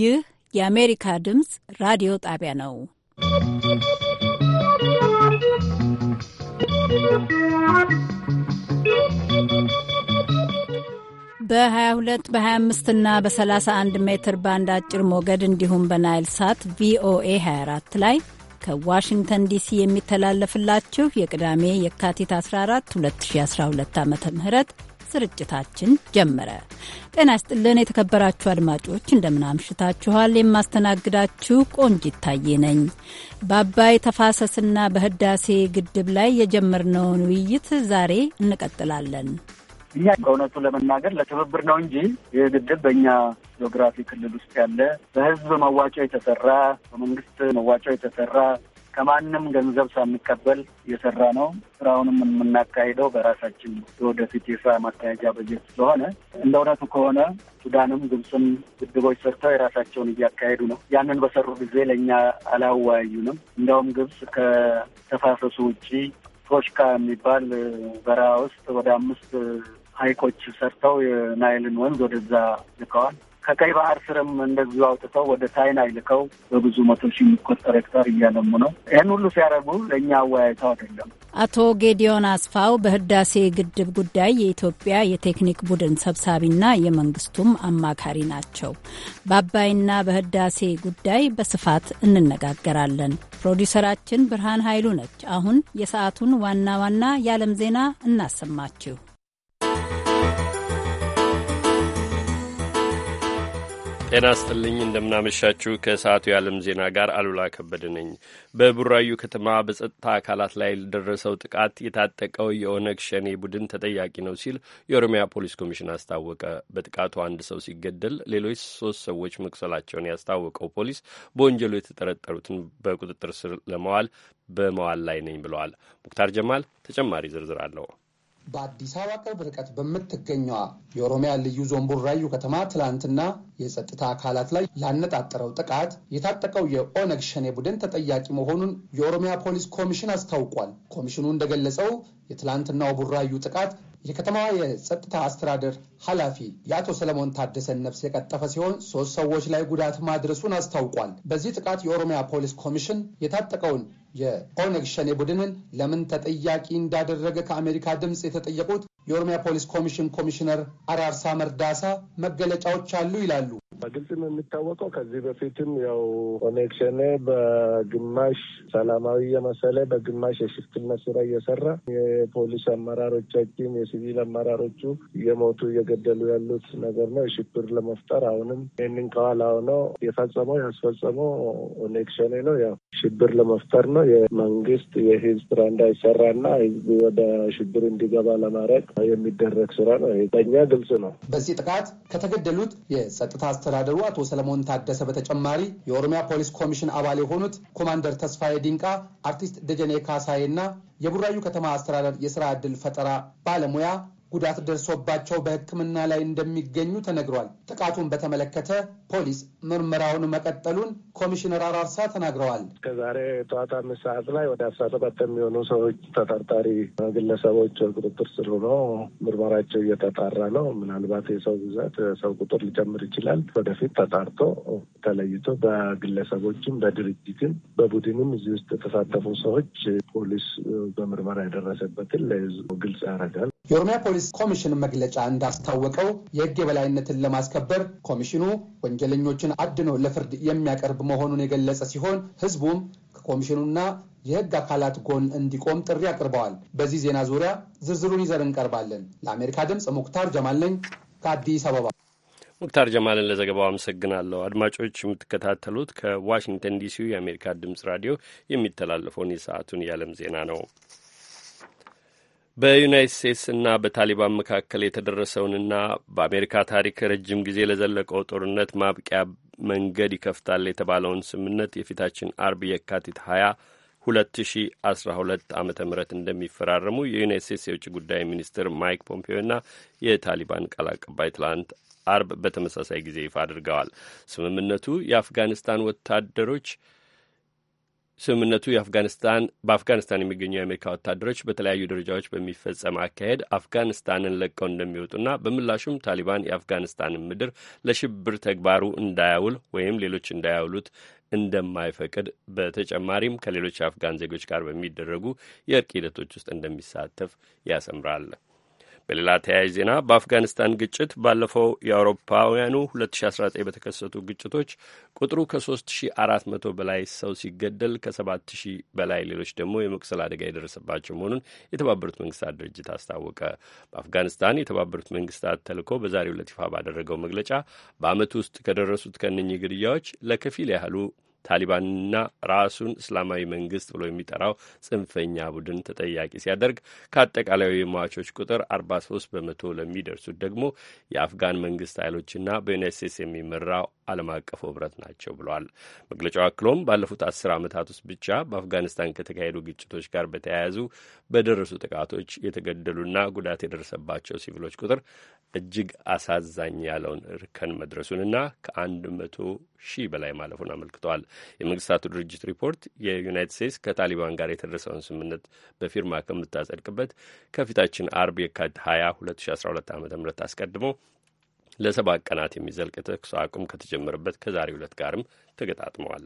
ይህ የአሜሪካ ድምፅ ራዲዮ ጣቢያ ነው። በ22 በ25 እና በ31 ሜትር ባንድ አጭር ሞገድ እንዲሁም በናይል ሳት ቪኦኤ 24 ላይ ከዋሽንግተን ዲሲ የሚተላለፍላችሁ የቅዳሜ የካቲት 14 2012 ዓ ም ስርጭታችን ጀመረ። ጤና ይስጥልን የተከበራችሁ አድማጮች፣ እንደምናምሽታችኋል። የማስተናግዳችሁ ቆንጅ ይታየ ነኝ። በአባይ ተፋሰስና በህዳሴ ግድብ ላይ የጀመርነውን ውይይት ዛሬ እንቀጥላለን። እኛ በእውነቱ ለመናገር ለትብብር ነው እንጂ ይህ ግድብ በእኛ ጂኦግራፊ ክልል ውስጥ ያለ በህዝብ መዋጮ የተሰራ በመንግስት መዋጮ የተሰራ ከማንም ገንዘብ ሳንቀበል የሰራ ነው። ስራውንም የምናካሄደው በራሳችን ወደፊት የስራ ማካሄጃ በጀት ስለሆነ እንደ እውነቱ ከሆነ ሱዳንም ግብፅም ግድቦች ሰርተው የራሳቸውን እያካሄዱ ነው። ያንን በሰሩ ጊዜ ለእኛ አላወያዩንም። እንደውም ግብፅ ከተፋሰሱ ውጪ ቶሽካ የሚባል በረሃ ውስጥ ወደ አምስት ሀይቆች ሰርተው የናይልን ወንዝ ወደዛ ልከዋል። ከቀይ ባህር ስርም እንደዚሁ አውጥተው ወደ ቻይና ይልከው በብዙ መቶ ሺህ የሚቆጠር ሄክታር እያለሙ ነው። ይህን ሁሉ ሲያደርጉ ለእኛ አወያይተው አይደለም። አቶ ጌዲዮን አስፋው በህዳሴ ግድብ ጉዳይ የኢትዮጵያ የቴክኒክ ቡድን ሰብሳቢና የመንግስቱም አማካሪ ናቸው። በአባይና በህዳሴ ጉዳይ በስፋት እንነጋገራለን። ፕሮዲውሰራችን ብርሃን ኃይሉ ነች። አሁን የሰዓቱን ዋና ዋና የዓለም ዜና እናሰማችሁ። ጤና ስጥልኝ እንደምናመሻችሁ። ከሰዓቱ የዓለም ዜና ጋር አሉላ ከበደ ነኝ። በቡራዩ ከተማ በጸጥታ አካላት ላይ ለደረሰው ጥቃት የታጠቀው የኦነግ ሸኔ ቡድን ተጠያቂ ነው ሲል የኦሮሚያ ፖሊስ ኮሚሽን አስታወቀ። በጥቃቱ አንድ ሰው ሲገደል ሌሎች ሶስት ሰዎች መቁሰላቸውን ያስታወቀው ፖሊስ በወንጀሉ የተጠረጠሩትን በቁጥጥር ስር ለመዋል በመዋል ላይ ነኝ ብለዋል። ሙክታር ጀማል ተጨማሪ ዝርዝር አለው። በአዲስ አበባ ቅርብ ርቀት በምትገኘዋ የኦሮሚያ ልዩ ዞን ቡራዩ ከተማ ትላንትና የጸጥታ አካላት ላይ ላነጣጠረው ጥቃት የታጠቀው የኦነግ ሸኔ ቡድን ተጠያቂ መሆኑን የኦሮሚያ ፖሊስ ኮሚሽን አስታውቋል። ኮሚሽኑ እንደገለጸው የትላንትናው ቡራዩ ጥቃት የከተማዋ የጸጥታ አስተዳደር ኃላፊ የአቶ ሰለሞን ታደሰን ነፍስ የቀጠፈ ሲሆን ሶስት ሰዎች ላይ ጉዳት ማድረሱን አስታውቋል። በዚህ ጥቃት የኦሮሚያ ፖሊስ ኮሚሽን የታጠቀውን የኦነግ ሸኔ ቡድንን ለምን ተጠያቂ እንዳደረገ ከአሜሪካ ድምፅ የተጠየቁት የኦሮሚያ ፖሊስ ኮሚሽን ኮሚሽነር አራርሳ መርዳሳ መገለጫዎች አሉ ይላሉ። በግልጽ የሚታወቀው ከዚህ በፊትም ያው ኦነግ ሸኔ በግማሽ ሰላማዊ የመሰለ በግማሽ የሽፍትነት ስራ እየሰራ የፖሊስ አመራሮቻችን የሲቪል አመራሮቹ እየሞቱ እየገደሉ ያሉት ነገር ነው። የሽብር ለመፍጠር አሁንም ይህንን ከኋላ ሆነው የፈጸመው ያስፈጸመው ኦነግ ሸኔ ነው። ያው ሽብር ለመፍጠር ነው። ነው የመንግስት የህዝብ ስራ እንዳይሰራና ህዝብ ወደ ሽብር እንዲገባ ለማድረግ የሚደረግ ስራ ነው። በእኛ ግልጽ ነው። በዚህ ጥቃት ከተገደሉት የጸጥታ አስተዳደሩ አቶ ሰለሞን ታደሰ በተጨማሪ የኦሮሚያ ፖሊስ ኮሚሽን አባል የሆኑት ኮማንደር ተስፋዬ ዲንቃ፣ አርቲስት ደጀኔ ካሳዬ እና የቡራዩ ከተማ አስተዳደር የስራ ዕድል ፈጠራ ባለሙያ ጉዳት ደርሶባቸው በሕክምና ላይ እንደሚገኙ ተነግሯል። ጥቃቱን በተመለከተ ፖሊስ ምርመራውን መቀጠሉን ኮሚሽነር አራርሳ ተናግረዋል። ከዛሬ ጠዋት አምስት ሰዓት ላይ ወደ አስራ ሰባት የሚሆኑ ሰዎች ተጠርጣሪ ግለሰቦች ቁጥጥር ስር ሆኖ ምርመራቸው እየተጣራ ነው። ምናልባት የሰው ብዛት ሰው ቁጥር ሊጨምር ይችላል። ወደፊት ተጣርቶ ተለይቶ በግለሰቦችም በድርጅትም በቡድንም እዚህ ውስጥ የተሳተፉ ሰዎች ፖሊስ በምርመራ የደረሰበትን ለህዝቡ ግልጽ ያደርጋል። የኦሮሚያ ፖሊስ ኮሚሽን መግለጫ እንዳስታወቀው የህግ የበላይነትን ለማስከበር ኮሚሽኑ ወንጀለኞችን አድኖ ለፍርድ የሚያቀርብ መሆኑን የገለጸ ሲሆን ህዝቡም ከኮሚሽኑና የህግ አካላት ጎን እንዲቆም ጥሪ አቅርበዋል። በዚህ ዜና ዙሪያ ዝርዝሩን ይዘን እንቀርባለን። ለአሜሪካ ድምፅ ሙክታር ጀማል ነኝ ከአዲስ አበባ። ሙክታር ጀማልን ለዘገባው አመሰግናለሁ። አድማጮች የምትከታተሉት ከዋሽንግተን ዲሲው የአሜሪካ ድምፅ ራዲዮ የሚተላለፈውን የሰዓቱን የዓለም ዜና ነው። በዩናይት እና በታሊባን መካከል የተደረሰውንና በአሜሪካ ታሪክ ረጅም ጊዜ ለዘለቀው ጦርነት ማብቂያ መንገድ ይከፍታል የተባለውን ስምምነት የፊታችን አርብ የካቲት አስራ ሁለት ዓ ም እንደሚፈራረሙ የዩናይት ስቴትስ የውጭ ጉዳይ ሚኒስትር ማይክ ፖምፒዮና የታሊባን ቃል አቀባይ ትላንት አርብ በተመሳሳይ ጊዜ ይፋ አድርገዋል። ስምምነቱ የአፍጋኒስታን ወታደሮች ስምምነቱ የአፍጋኒስታን በአፍጋኒስታን የሚገኙ የአሜሪካ ወታደሮች በተለያዩ ደረጃዎች በሚፈጸም አካሄድ አፍጋኒስታንን ለቀው እንደሚወጡና በምላሹም ታሊባን የአፍጋኒስታንን ምድር ለሽብር ተግባሩ እንዳያውል ወይም ሌሎች እንዳያውሉት እንደማይፈቅድ በተጨማሪም ከሌሎች የአፍጋን ዜጎች ጋር በሚደረጉ የእርቅ ሂደቶች ውስጥ እንደሚሳተፍ ያሰምራል። በሌላ ተያያዥ ዜና በአፍጋኒስታን ግጭት ባለፈው የአውሮፓውያኑ 2019 በተከሰቱ ግጭቶች ቁጥሩ ከ3400 በላይ ሰው ሲገደል ከ7000 በላይ ሌሎች ደግሞ የመቁሰል አደጋ የደረሰባቸው መሆኑን የተባበሩት መንግስታት ድርጅት አስታወቀ። በአፍጋኒስታን የተባበሩት መንግስታት ተልኮ በዛሬው ዕለት ይፋ ባደረገው መግለጫ በአመት ውስጥ ከደረሱት ከእነኚህ ግድያዎች ለከፊል ያህሉ ታሊባንና ራሱን እስላማዊ መንግስት ብሎ የሚጠራው ጽንፈኛ ቡድን ተጠያቂ ሲያደርግ ከአጠቃላዩ የሟቾች ቁጥር 43 በመቶ ለሚደርሱት ደግሞ የአፍጋን መንግስት ኃይሎችና በዩናይት ስቴትስ የሚመራው ዓለም አቀፉ ህብረት ናቸው ብለዋል። መግለጫው አክሎም ባለፉት አስር ዓመታት ውስጥ ብቻ በአፍጋኒስታን ከተካሄዱ ግጭቶች ጋር በተያያዙ በደረሱ ጥቃቶች የተገደሉና ጉዳት የደረሰባቸው ሲቪሎች ቁጥር እጅግ አሳዛኝ ያለውን እርከን መድረሱንና ከአንድ መቶ ሺህ በላይ ማለፉን አመልክተዋል። የመንግስታቱ ድርጅት ሪፖርት የዩናይትድ ስቴትስ ከታሊባን ጋር የተደረሰውን ስምምነት በፊርማ ከምታጸድቅበት ከፊታችን አርብ የካቲት 20 2012 ዓ ም አስቀድሞ ለሰባት ቀናት የሚዘልቅ ተኩስ አቁም ከተጀመረበት ከዛሬ ሁለት ጋርም ተገጣጥመዋል።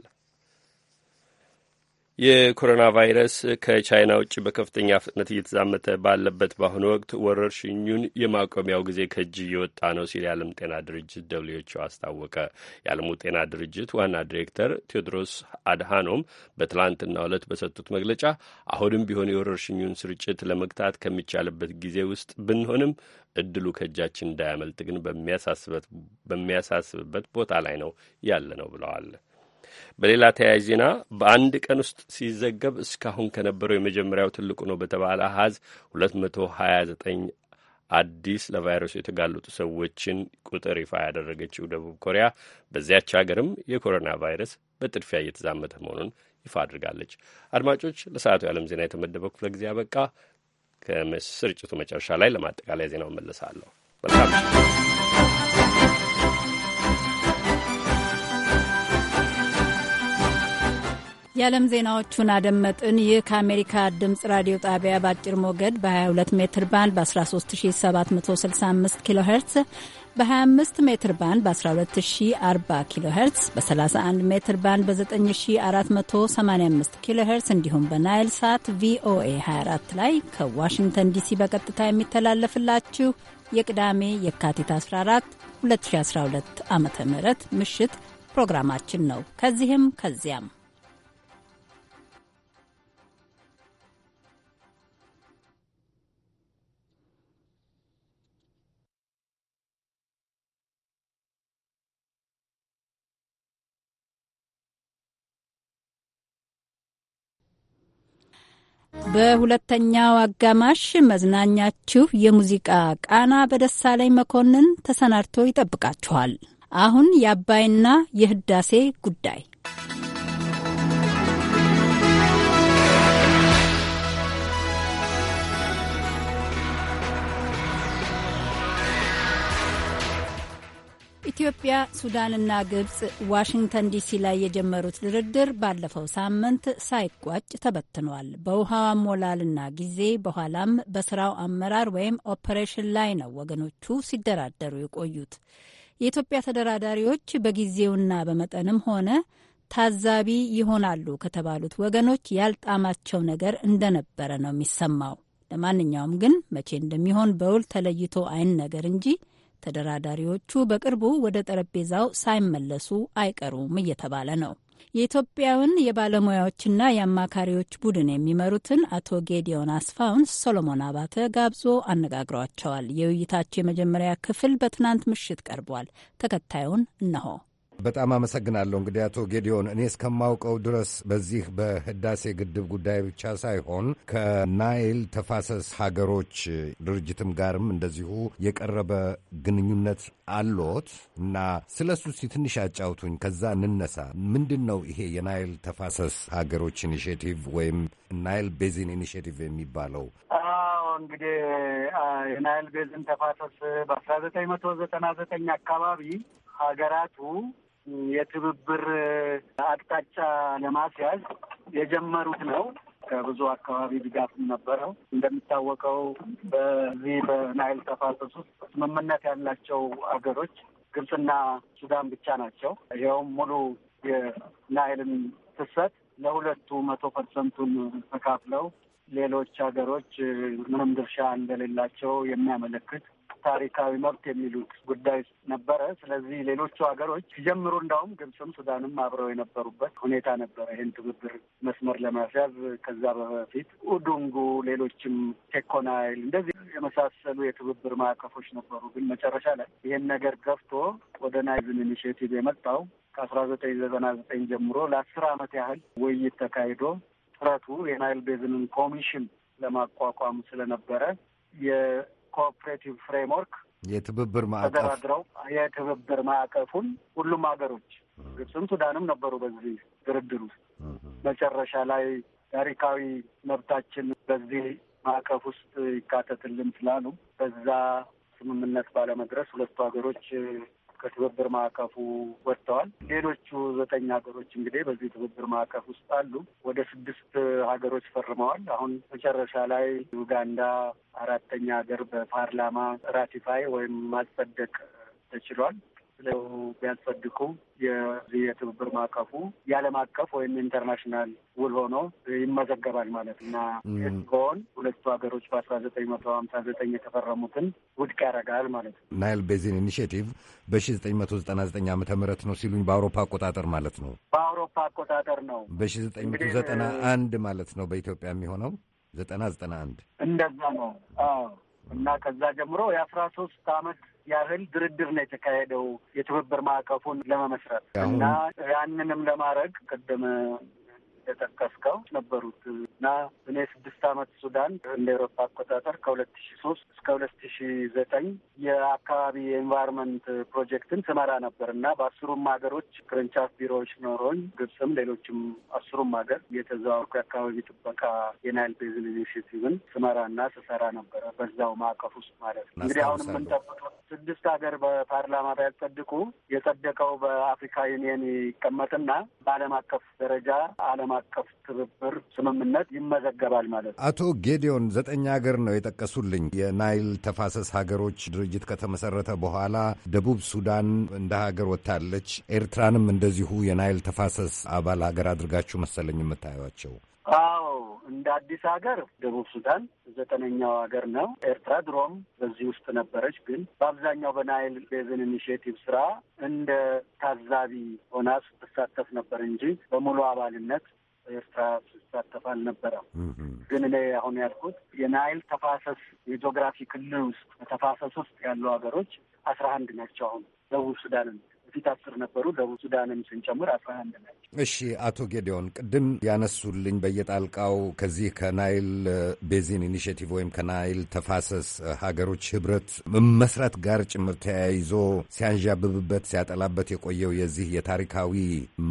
የኮሮና ቫይረስ ከቻይና ውጭ በከፍተኛ ፍጥነት እየተዛመተ ባለበት በአሁኑ ወቅት ወረርሽኙን የማቆሚያው ጊዜ ከእጅ እየወጣ ነው ሲል የዓለም ጤና ድርጅት ደብልዩኤችኦ አስታወቀ። የዓለሙ ጤና ድርጅት ዋና ዲሬክተር ቴዎድሮስ አድሃኖም በትላንትና ዕለት በሰጡት መግለጫ አሁንም ቢሆን የወረርሽኙን ስርጭት ለመግታት ከሚቻልበት ጊዜ ውስጥ ብንሆንም እድሉ ከእጃችን እንዳያመልጥ ግን በሚያሳስብበት ቦታ ላይ ነው ያለ ነው ብለዋል። በሌላ ተያያዥ ዜና በአንድ ቀን ውስጥ ሲዘገብ እስካሁን ከነበረው የመጀመሪያው ትልቁ ነው በተባለ አሀዝ 229 አዲስ ለቫይረሱ የተጋለጡ ሰዎችን ቁጥር ይፋ ያደረገችው ደቡብ ኮሪያ በዚያች ሀገርም የኮሮና ቫይረስ በጥድፊያ እየተዛመተ መሆኑን ይፋ አድርጋለች። አድማጮች፣ ለሰዓቱ የዓለም ዜና የተመደበው ክፍለ ጊዜ አበቃ። ከስርጭቱ መጨረሻ ላይ ለማጠቃለያ ዜናው መለሳለሁ። መልካም የዓለም ዜናዎቹን አደመጥን። ይህ ከአሜሪካ ድምፅ ራዲዮ ጣቢያ በአጭር ሞገድ በ22 ሜትር ባንድ በ13765 ኪሎ ሄርትስ በ25 ሜትር ባንድ በ1240 ኪሎ ሄርትስ በ31 ሜትር ባንድ በ9485 ኪሎ ሄርትስ እንዲሁም በናይል ሳት ቪኦኤ 24 ላይ ከዋሽንግተን ዲሲ በቀጥታ የሚተላለፍላችሁ የቅዳሜ የካቲት 14 2012 ዓ ም ምሽት ፕሮግራማችን ነው። ከዚህም ከዚያም በሁለተኛው አጋማሽ መዝናኛችሁ የሙዚቃ ቃና በደሳለኝ መኮንን ተሰናድቶ ይጠብቃችኋል። አሁን የአባይና የህዳሴ ጉዳይ ኢትዮጵያ፣ ሱዳንና ግብፅ ዋሽንግተን ዲሲ ላይ የጀመሩት ድርድር ባለፈው ሳምንት ሳይቋጭ ተበትኗል። በውሃ ሞላልና ጊዜ በኋላም በስራው አመራር ወይም ኦፐሬሽን ላይ ነው ወገኖቹ ሲደራደሩ የቆዩት። የኢትዮጵያ ተደራዳሪዎች በጊዜውና በመጠንም ሆነ ታዛቢ ይሆናሉ ከተባሉት ወገኖች ያልጣማቸው ነገር እንደነበረ ነው የሚሰማው። ለማንኛውም ግን መቼ እንደሚሆን በውል ተለይቶ አይን ነገር እንጂ ተደራዳሪዎቹ በቅርቡ ወደ ጠረጴዛው ሳይመለሱ አይቀሩም እየተባለ ነው። የኢትዮጵያውን የባለሙያዎችና የአማካሪዎች ቡድን የሚመሩትን አቶ ጌዲዮን አስፋውን ሶሎሞን አባተ ጋብዞ አነጋግሯቸዋል። የውይይታቸው የመጀመሪያ ክፍል በትናንት ምሽት ቀርቧል። ተከታዩን እነሆ። በጣም አመሰግናለሁ። እንግዲህ አቶ ጌዲዮን እኔ እስከማውቀው ድረስ በዚህ በህዳሴ ግድብ ጉዳይ ብቻ ሳይሆን ከናይል ተፋሰስ ሀገሮች ድርጅትም ጋርም እንደዚሁ የቀረበ ግንኙነት አሎት እና ስለ እሱ እስኪ ትንሽ አጫውቱኝ። ከዛ እንነሳ። ምንድን ነው ይሄ የናይል ተፋሰስ ሀገሮች ኢኒሽቲቭ ወይም ናይል ቤዚን ኢኒሽቲቭ የሚባለው? አዎ እንግዲህ የናይል ቤዝን ተፋሰስ በአስራ ዘጠኝ መቶ ዘጠና ዘጠኝ አካባቢ ሀገራቱ የትብብር አቅጣጫ ለማስያዝ የጀመሩት ነው። ከብዙ አካባቢ ድጋፍም ነበረው። እንደሚታወቀው በዚህ በናይል ተፋሰስ ውስጥ ስምምነት ያላቸው ሀገሮች ግብፅና ሱዳን ብቻ ናቸው። ይኸውም ሙሉ የናይልን ፍሰት ለሁለቱ መቶ ፐርሰንቱን ተካፍለው ሌሎች ሀገሮች ምንም ድርሻ እንደሌላቸው የሚያመለክት ታሪካዊ መብት የሚሉት ጉዳይ ነበረ። ስለዚህ ሌሎቹ ሀገሮች ሲጀምሩ እንዳውም ግብፅም ሱዳንም አብረው የነበሩበት ሁኔታ ነበረ ይህን ትብብር መስመር ለማስያዝ ከዛ በፊት ኡዱንጉ፣ ሌሎችም ቴኮናይል እንደዚህ የመሳሰሉ የትብብር ማዕቀፎች ነበሩ። ግን መጨረሻ ላይ ይህን ነገር ገፍቶ ወደ ናይዝን ኢኒሽቲቭ የመጣው ከአስራ ዘጠኝ ዘጠና ዘጠኝ ጀምሮ ለአስር አመት ያህል ውይይት ተካሂዶ ጥረቱ የናይል ቤዝንን ኮሚሽን ለማቋቋም ስለነበረ ኮኦፕሬቲቭ ፍሬምወርክ የትብብር ማዕቀፍ ተደራድረው የትብብር ማዕቀፉን ሁሉም ሀገሮች ግብፅም ሱዳንም ነበሩ በዚህ ድርድር ውስጥ። መጨረሻ ላይ ታሪካዊ መብታችን በዚህ ማዕቀፍ ውስጥ ይካተትልን ስላሉ በዛ ስምምነት ባለመድረስ ሁለቱ ሀገሮች ከትብብር ማዕቀፉ ወጥተዋል። ሌሎቹ ዘጠኝ ሀገሮች እንግዲህ በዚህ ትብብር ማዕቀፍ ውስጥ አሉ። ወደ ስድስት ሀገሮች ፈርመዋል። አሁን መጨረሻ ላይ ዩጋንዳ አራተኛ ሀገር በፓርላማ ራቲፋይ ወይም ማጸደቅ ተችሏል። ስለው ቢያስፈድቁ የዚህ የትብብር ማዕቀፉ የዓለም አቀፍ ወይም ኢንተርናሽናል ውል ሆኖ ይመዘገባል ማለት እና ሆን ሁለቱ ሀገሮች በአስራ ዘጠኝ መቶ ሀምሳ ዘጠኝ የተፈረሙትን ውድቅ ያደርጋል ማለት ነው። ናይል ቤዚን ኢኒሽቲቭ በሺ ዘጠኝ መቶ ዘጠና ዘጠኝ ዓመተ ምህረት ነው ሲሉኝ በአውሮፓ አቆጣጠር ማለት ነው። በአውሮፓ አቆጣጠር ነው። በሺ ዘጠኝ መቶ ዘጠና አንድ ማለት ነው በኢትዮጵያ የሚሆነው ዘጠና ዘጠና አንድ እንደዛ ነው። አዎ እና ከዛ ጀምሮ የአስራ ሶስት አመት ያህል ድርድር ነው የተካሄደው የትብብር ማዕቀፉን ለመመስረት እና ያንንም ለማድረግ ቅድም እንደጠቀስከው ነበሩት እና እኔ ስድስት አመት ሱዳን እንደ ኤሮፓ አቆጣጠር ከሁለት ሺ ሶስት እስከ ሁለት ሺ ዘጠኝ የአካባቢ የኤንቫይሮንመንት ፕሮጀክትን ስመራ ነበር እና በአስሩም ሀገሮች ቅርንጫፍ ቢሮዎች ኖሮኝ ግብፅም፣ ሌሎችም አስሩም ሀገር የተዘዋወርኩ የአካባቢ ጥበቃ የናይል ቤዝን ኢኒሽቲቭን ስመራ እና ስሰራ ነበረ በዛው ማዕቀፍ ውስጥ ማለት ነው። እንግዲህ አሁን የምንጠብቀው ስድስት ሀገር በፓርላማ ቢያጸድቁ የጸደቀው በአፍሪካ ዩኒየን ይቀመጥና በዓለም አቀፍ ደረጃ ዓለም አቀፍ ትብብር ስምምነት ይመዘገባል ማለት ነው። አቶ ጌዲዮን ዘጠኝ ሀገር ነው የጠቀሱልኝ የናይል ተፋሰስ ሀገሮች ድርጅት ከተመሰረተ በኋላ ደቡብ ሱዳን እንደ ሀገር ወጥታለች። ኤርትራንም እንደዚሁ የናይል ተፋሰስ አባል ሀገር አድርጋችሁ መሰለኝ የምታዩቸው? አዎ እንደ አዲስ ሀገር ደቡብ ሱዳን ዘጠነኛው ሀገር ነው። ኤርትራ ድሮም በዚህ ውስጥ ነበረች፣ ግን በአብዛኛው በናይል ቤዝን ኢኒሽቲቭ ስራ እንደ ታዛቢ ሆና ስትሳተፍ ነበር እንጂ በሙሉ አባልነት ኤርትራ ሲሳተፍ አልነበረም። ግን እኔ አሁን ያልኩት የናይል ተፋሰስ የጂኦግራፊ ክልል ውስጥ በተፋሰስ ውስጥ ያሉ ሀገሮች አስራ አንድ ናቸው። አሁን ደቡብ ሱዳንን በፊት አስር ነበሩ። ደቡብ ሱዳንን ስንጨምር አስራ አንድ ናቸው። እሺ አቶ ጌዲዮን ቅድም ያነሱልኝ በየጣልቃው ከዚህ ከናይል ቤዚን ኢኒሽቲቭ ወይም ከናይል ተፋሰስ ሀገሮች ህብረት መስራት ጋር ጭምር ተያይዞ ሲያንዣብብበት ሲያጠላበት የቆየው የዚህ የታሪካዊ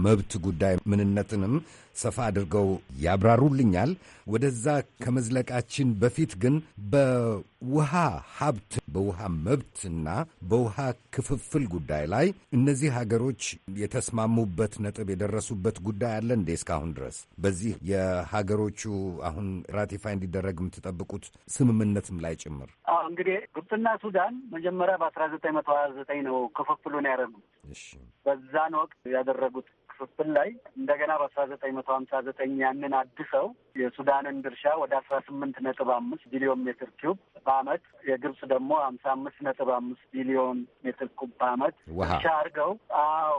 መብት ጉዳይ ምንነትንም ሰፋ አድርገው ያብራሩልኛል። ወደዛ ከመዝለቃችን በፊት ግን በውሃ ሀብት፣ በውሃ መብትና በውሃ ክፍፍል ጉዳይ ላይ እነዚህ ሀገሮች የተስማሙበት ነጥብ የደረሱ የደረሱበት ጉዳይ አለ እንዴ? እስካሁን ድረስ በዚህ የሀገሮቹ አሁን ራቲፋይ እንዲደረግ የምትጠብቁት ስምምነትም ላይ ጭምር እንግዲህ ግብፅና ሱዳን መጀመሪያ በአስራ ዘጠኝ መቶ ሀያ ዘጠኝ ነው ክፍፍሉን ያደረጉት። በዛን ወቅት ያደረጉት ክፍፍል ላይ እንደገና በአስራ ዘጠኝ መቶ ሀምሳ ዘጠኝ ያንን አድሰው የሱዳንን ድርሻ ወደ አስራ ስምንት ነጥብ አምስት ቢሊዮን ሜትር ኪዩብ በአመት የግብጽ ደግሞ ሀምሳ አምስት ነጥብ አምስት ቢሊዮን ሜትር ኪዩብ በአመት ድርሻ አድርገው አዎ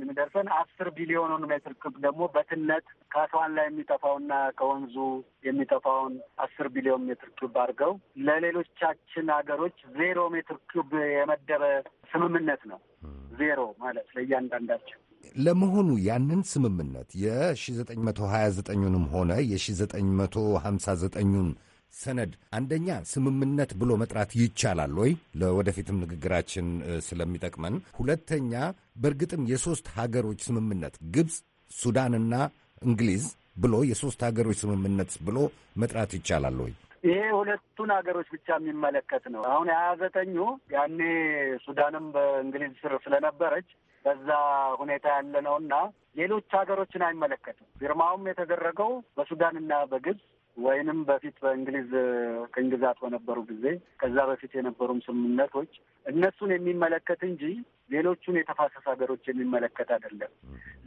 የሚደርሰን አስር ቢሊዮኑን ሜትር ክብ ደግሞ በትነት ከአስዋን ላይ የሚጠፋውና ከወንዙ የሚጠፋውን አስር ቢሊዮን ሜትር ኪዩብ አድርገው ለሌሎቻችን ሀገሮች ዜሮ ሜትር ኪዩብ የመደበ ስምምነት ነው። ዜሮ ማለት ለእያንዳንዳችን ለመሆኑ ያንን ስምምነት የ1929ንም ሆነ የ1959ን ሰነድ አንደኛ ስምምነት ብሎ መጥራት ይቻላል ወይ? ለወደፊትም ንግግራችን ስለሚጠቅመን። ሁለተኛ በእርግጥም የሶስት ሀገሮች ስምምነት ግብፅ፣ ሱዳንና እንግሊዝ ብሎ የሦስት ሀገሮች ስምምነት ብሎ መጥራት ይቻላል ወይ? ይሄ ሁለቱን ሀገሮች ብቻ የሚመለከት ነው። አሁን የሀያ ዘጠኙ ያኔ ሱዳንም በእንግሊዝ ስር ስለነበረች በዛ ሁኔታ ያለ ነው እና ሌሎች ሀገሮችን አይመለከትም። ፊርማውም የተደረገው በሱዳንና በግብጽ ወይንም በፊት በእንግሊዝ ቅኝ ግዛት በነበሩ ጊዜ ከዛ በፊት የነበሩም ስምምነቶች እነሱን የሚመለከት እንጂ ሌሎቹን የተፋሰስ ሀገሮች የሚመለከት አይደለም።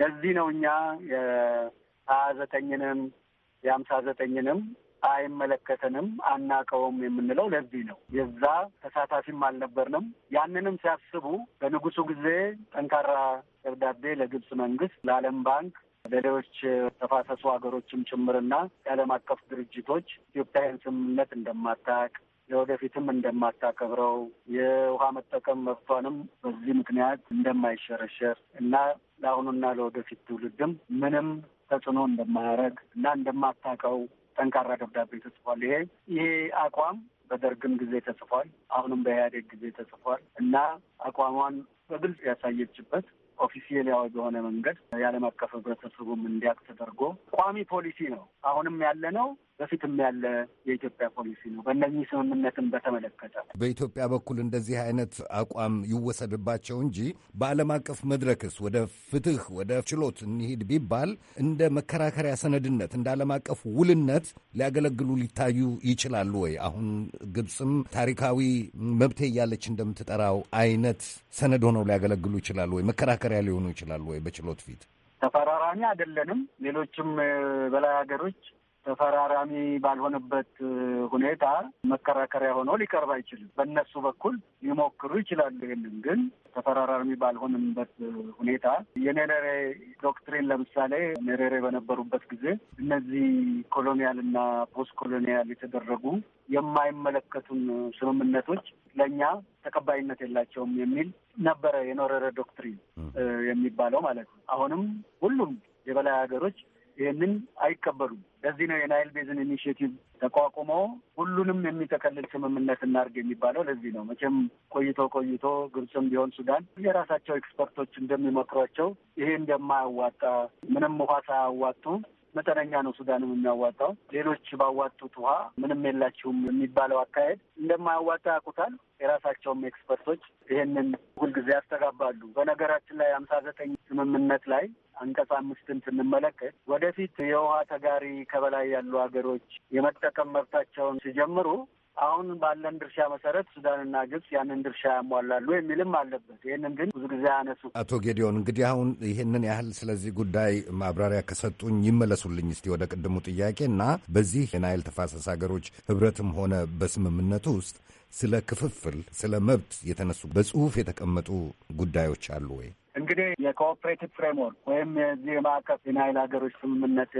ለዚህ ነው እኛ የሀያ ዘጠኝንም የሀምሳ ዘጠኝንም አይመለከተንም፣ አናቀውም የምንለው ለዚህ ነው። የዛ ተሳታፊም አልነበርንም። ያንንም ሲያስቡ በንጉሱ ጊዜ ጠንካራ ደብዳቤ ለግብጽ መንግስት፣ ለዓለም ባንክ ለሌሎች ተፋሰሱ ሀገሮችም ጭምርና የዓለም አቀፍ ድርጅቶች ኢትዮጵያን ስምምነት እንደማታቅ ለወደፊትም እንደማታከብረው የውሃ መጠቀም መብቷንም በዚህ ምክንያት እንደማይሸረሸር እና ለአሁኑና ለወደፊት ትውልድም ምንም ተጽዕኖ እንደማያደርግ እና እንደማታቀው ጠንካራ ደብዳቤ ተጽፏል። ይሄ ይሄ አቋም በደርግም ጊዜ ተጽፏል፣ አሁንም በኢህአዴግ ጊዜ ተጽፏል እና አቋሟን በግልጽ ያሳየችበት ኦፊሴል በሆነ መንገድ የዓለም አቀፍ ህብረተሰቡም እንዲያውቅ ተደርጎ ቋሚ ፖሊሲ ነው። አሁንም ያለ ነው። በፊትም ያለ የኢትዮጵያ ፖሊሲ ነው። በእነዚህ ስምምነትን በተመለከተ በኢትዮጵያ በኩል እንደዚህ አይነት አቋም ይወሰድባቸው እንጂ በዓለም አቀፍ መድረክስ ወደ ፍትህ ወደ ችሎት እንሂድ ቢባል እንደ መከራከሪያ ሰነድነት እንደ ዓለም አቀፍ ውልነት ሊያገለግሉ ሊታዩ ይችላሉ ወይ? አሁን ግብፅም ታሪካዊ መብቴ እያለች እንደምትጠራው አይነት ሰነድ ሆነው ሊያገለግሉ ይችላሉ ወይ? መከራከሪያ ሊሆኑ ይችላሉ ወይ በችሎት ፊት? ተፈራራሚ አይደለንም። ሌሎችም በላይ ሀገሮች ተፈራራሚ ባልሆነበት ሁኔታ መከራከሪያ ሆኖ ሊቀርብ አይችልም። በእነሱ በኩል ሊሞክሩ ይችላሉ። ይህንን ግን ተፈራራሚ ባልሆንበት ሁኔታ የኔሬሬ ዶክትሪን ለምሳሌ ኔሬሬ በነበሩበት ጊዜ እነዚህ ኮሎኒያል እና ፖስት ኮሎኒያል የተደረጉ የማይመለከቱን ስምምነቶች ለእኛ ተቀባይነት የላቸውም የሚል ነበረ የኖረረ ዶክትሪን የሚባለው ማለት ነው። አሁንም ሁሉም የበላይ ሀገሮች ይህንን አይቀበሉም። ለዚህ ነው የናይል ቤዝን ኢኒሽቲቭ ተቋቁመው ሁሉንም የሚጠቀልል ስምምነት እናድርግ የሚባለው ለዚህ ነው። መቼም ቆይቶ ቆይቶ ግብፅም ቢሆን ሱዳን የራሳቸው ኤክስፐርቶች እንደሚመክሯቸው ይሄ እንደማያዋጣ ምንም ውሃ ሳያዋጡ መጠነኛ ነው ሱዳንም የሚያዋጣው። ሌሎች ባዋጡት ውሃ ምንም የላችሁም የሚባለው አካሄድ እንደማያዋጣ ያውቁታል። የራሳቸውም ኤክስፐርቶች ይህንን ሁልጊዜ ያስተጋባሉ። በነገራችን ላይ ሀምሳ ዘጠኝ ስምምነት ላይ አንቀጽ አምስትን ስንመለከት ወደፊት የውሃ ተጋሪ ከበላይ ያሉ ሀገሮች የመጠቀም መብታቸውን ሲጀምሩ አሁን ባለን ድርሻ መሰረት ሱዳንና ግብጽ ያንን ድርሻ ያሟላሉ የሚልም አለበት። ይህንን ግን ብዙ ጊዜ አነሱ። አቶ ጌዲዮን እንግዲህ አሁን ይህንን ያህል ስለዚህ ጉዳይ ማብራሪያ ከሰጡኝ ይመለሱልኝ እስቲ ወደ ቅድሙ ጥያቄ እና በዚህ የናይል ተፋሰስ ሀገሮች ህብረትም ሆነ በስምምነቱ ውስጥ ስለ ክፍፍል፣ ስለ መብት የተነሱ በጽሁፍ የተቀመጡ ጉዳዮች አሉ ወይ? እንግዲህ የኮኦፕሬቲቭ ፍሬምወርክ ወይም የዚህ የማዕቀፍ የናይል ሀገሮች ስምምነት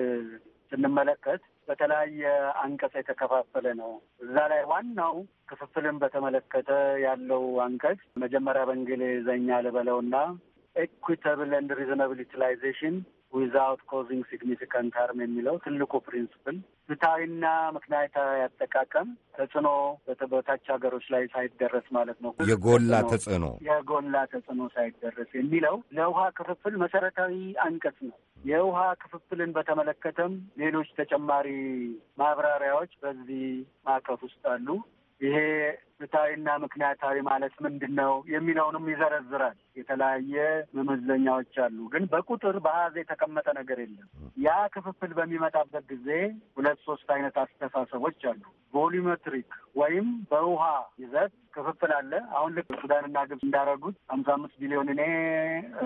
ስንመለከት በተለያየ አንቀጽ የተከፋፈለ ነው። እዛ ላይ ዋናው ክፍፍልን በተመለከተ ያለው አንቀጽ መጀመሪያ በእንግሊዘኛ ልበለውና ኤኩተብል ኤንድ ሪዝናብል ዩቲላይዜሽን ዊዛውት ኮዚንግ ሲግኒፊካንት ሀርም የሚለው ትልቁ ፕሪንስፕል ፍትሐዊና ምክንያታዊ አጠቃቀም ተጽዕኖ በታች ሀገሮች ላይ ሳይደረስ ማለት ነው። የጎላ ተጽዕኖ የጎላ ተጽዕኖ ሳይደረስ የሚለው ለውሃ ክፍፍል መሰረታዊ አንቀጽ ነው። የውሃ ክፍፍልን በተመለከተም ሌሎች ተጨማሪ ማብራሪያዎች በዚህ ማዕቀፍ ውስጥ አሉ። ይሄ ፍትሐዊና ምክንያታዊ ማለት ምንድን ነው የሚለውንም ይዘረዝራል። የተለያየ መመዘኛዎች አሉ፣ ግን በቁጥር በአሃዝ የተቀመጠ ነገር የለም። ያ ክፍፍል በሚመጣበት ጊዜ ሁለት ሶስት አይነት አስተሳሰቦች አሉ። ቮሊሜትሪክ ወይም በውሃ ይዘት ክፍፍል አለ። አሁን ልክ ሱዳንና ግብጽ እንዳረጉት ሀምሳ አምስት ቢሊዮን እኔ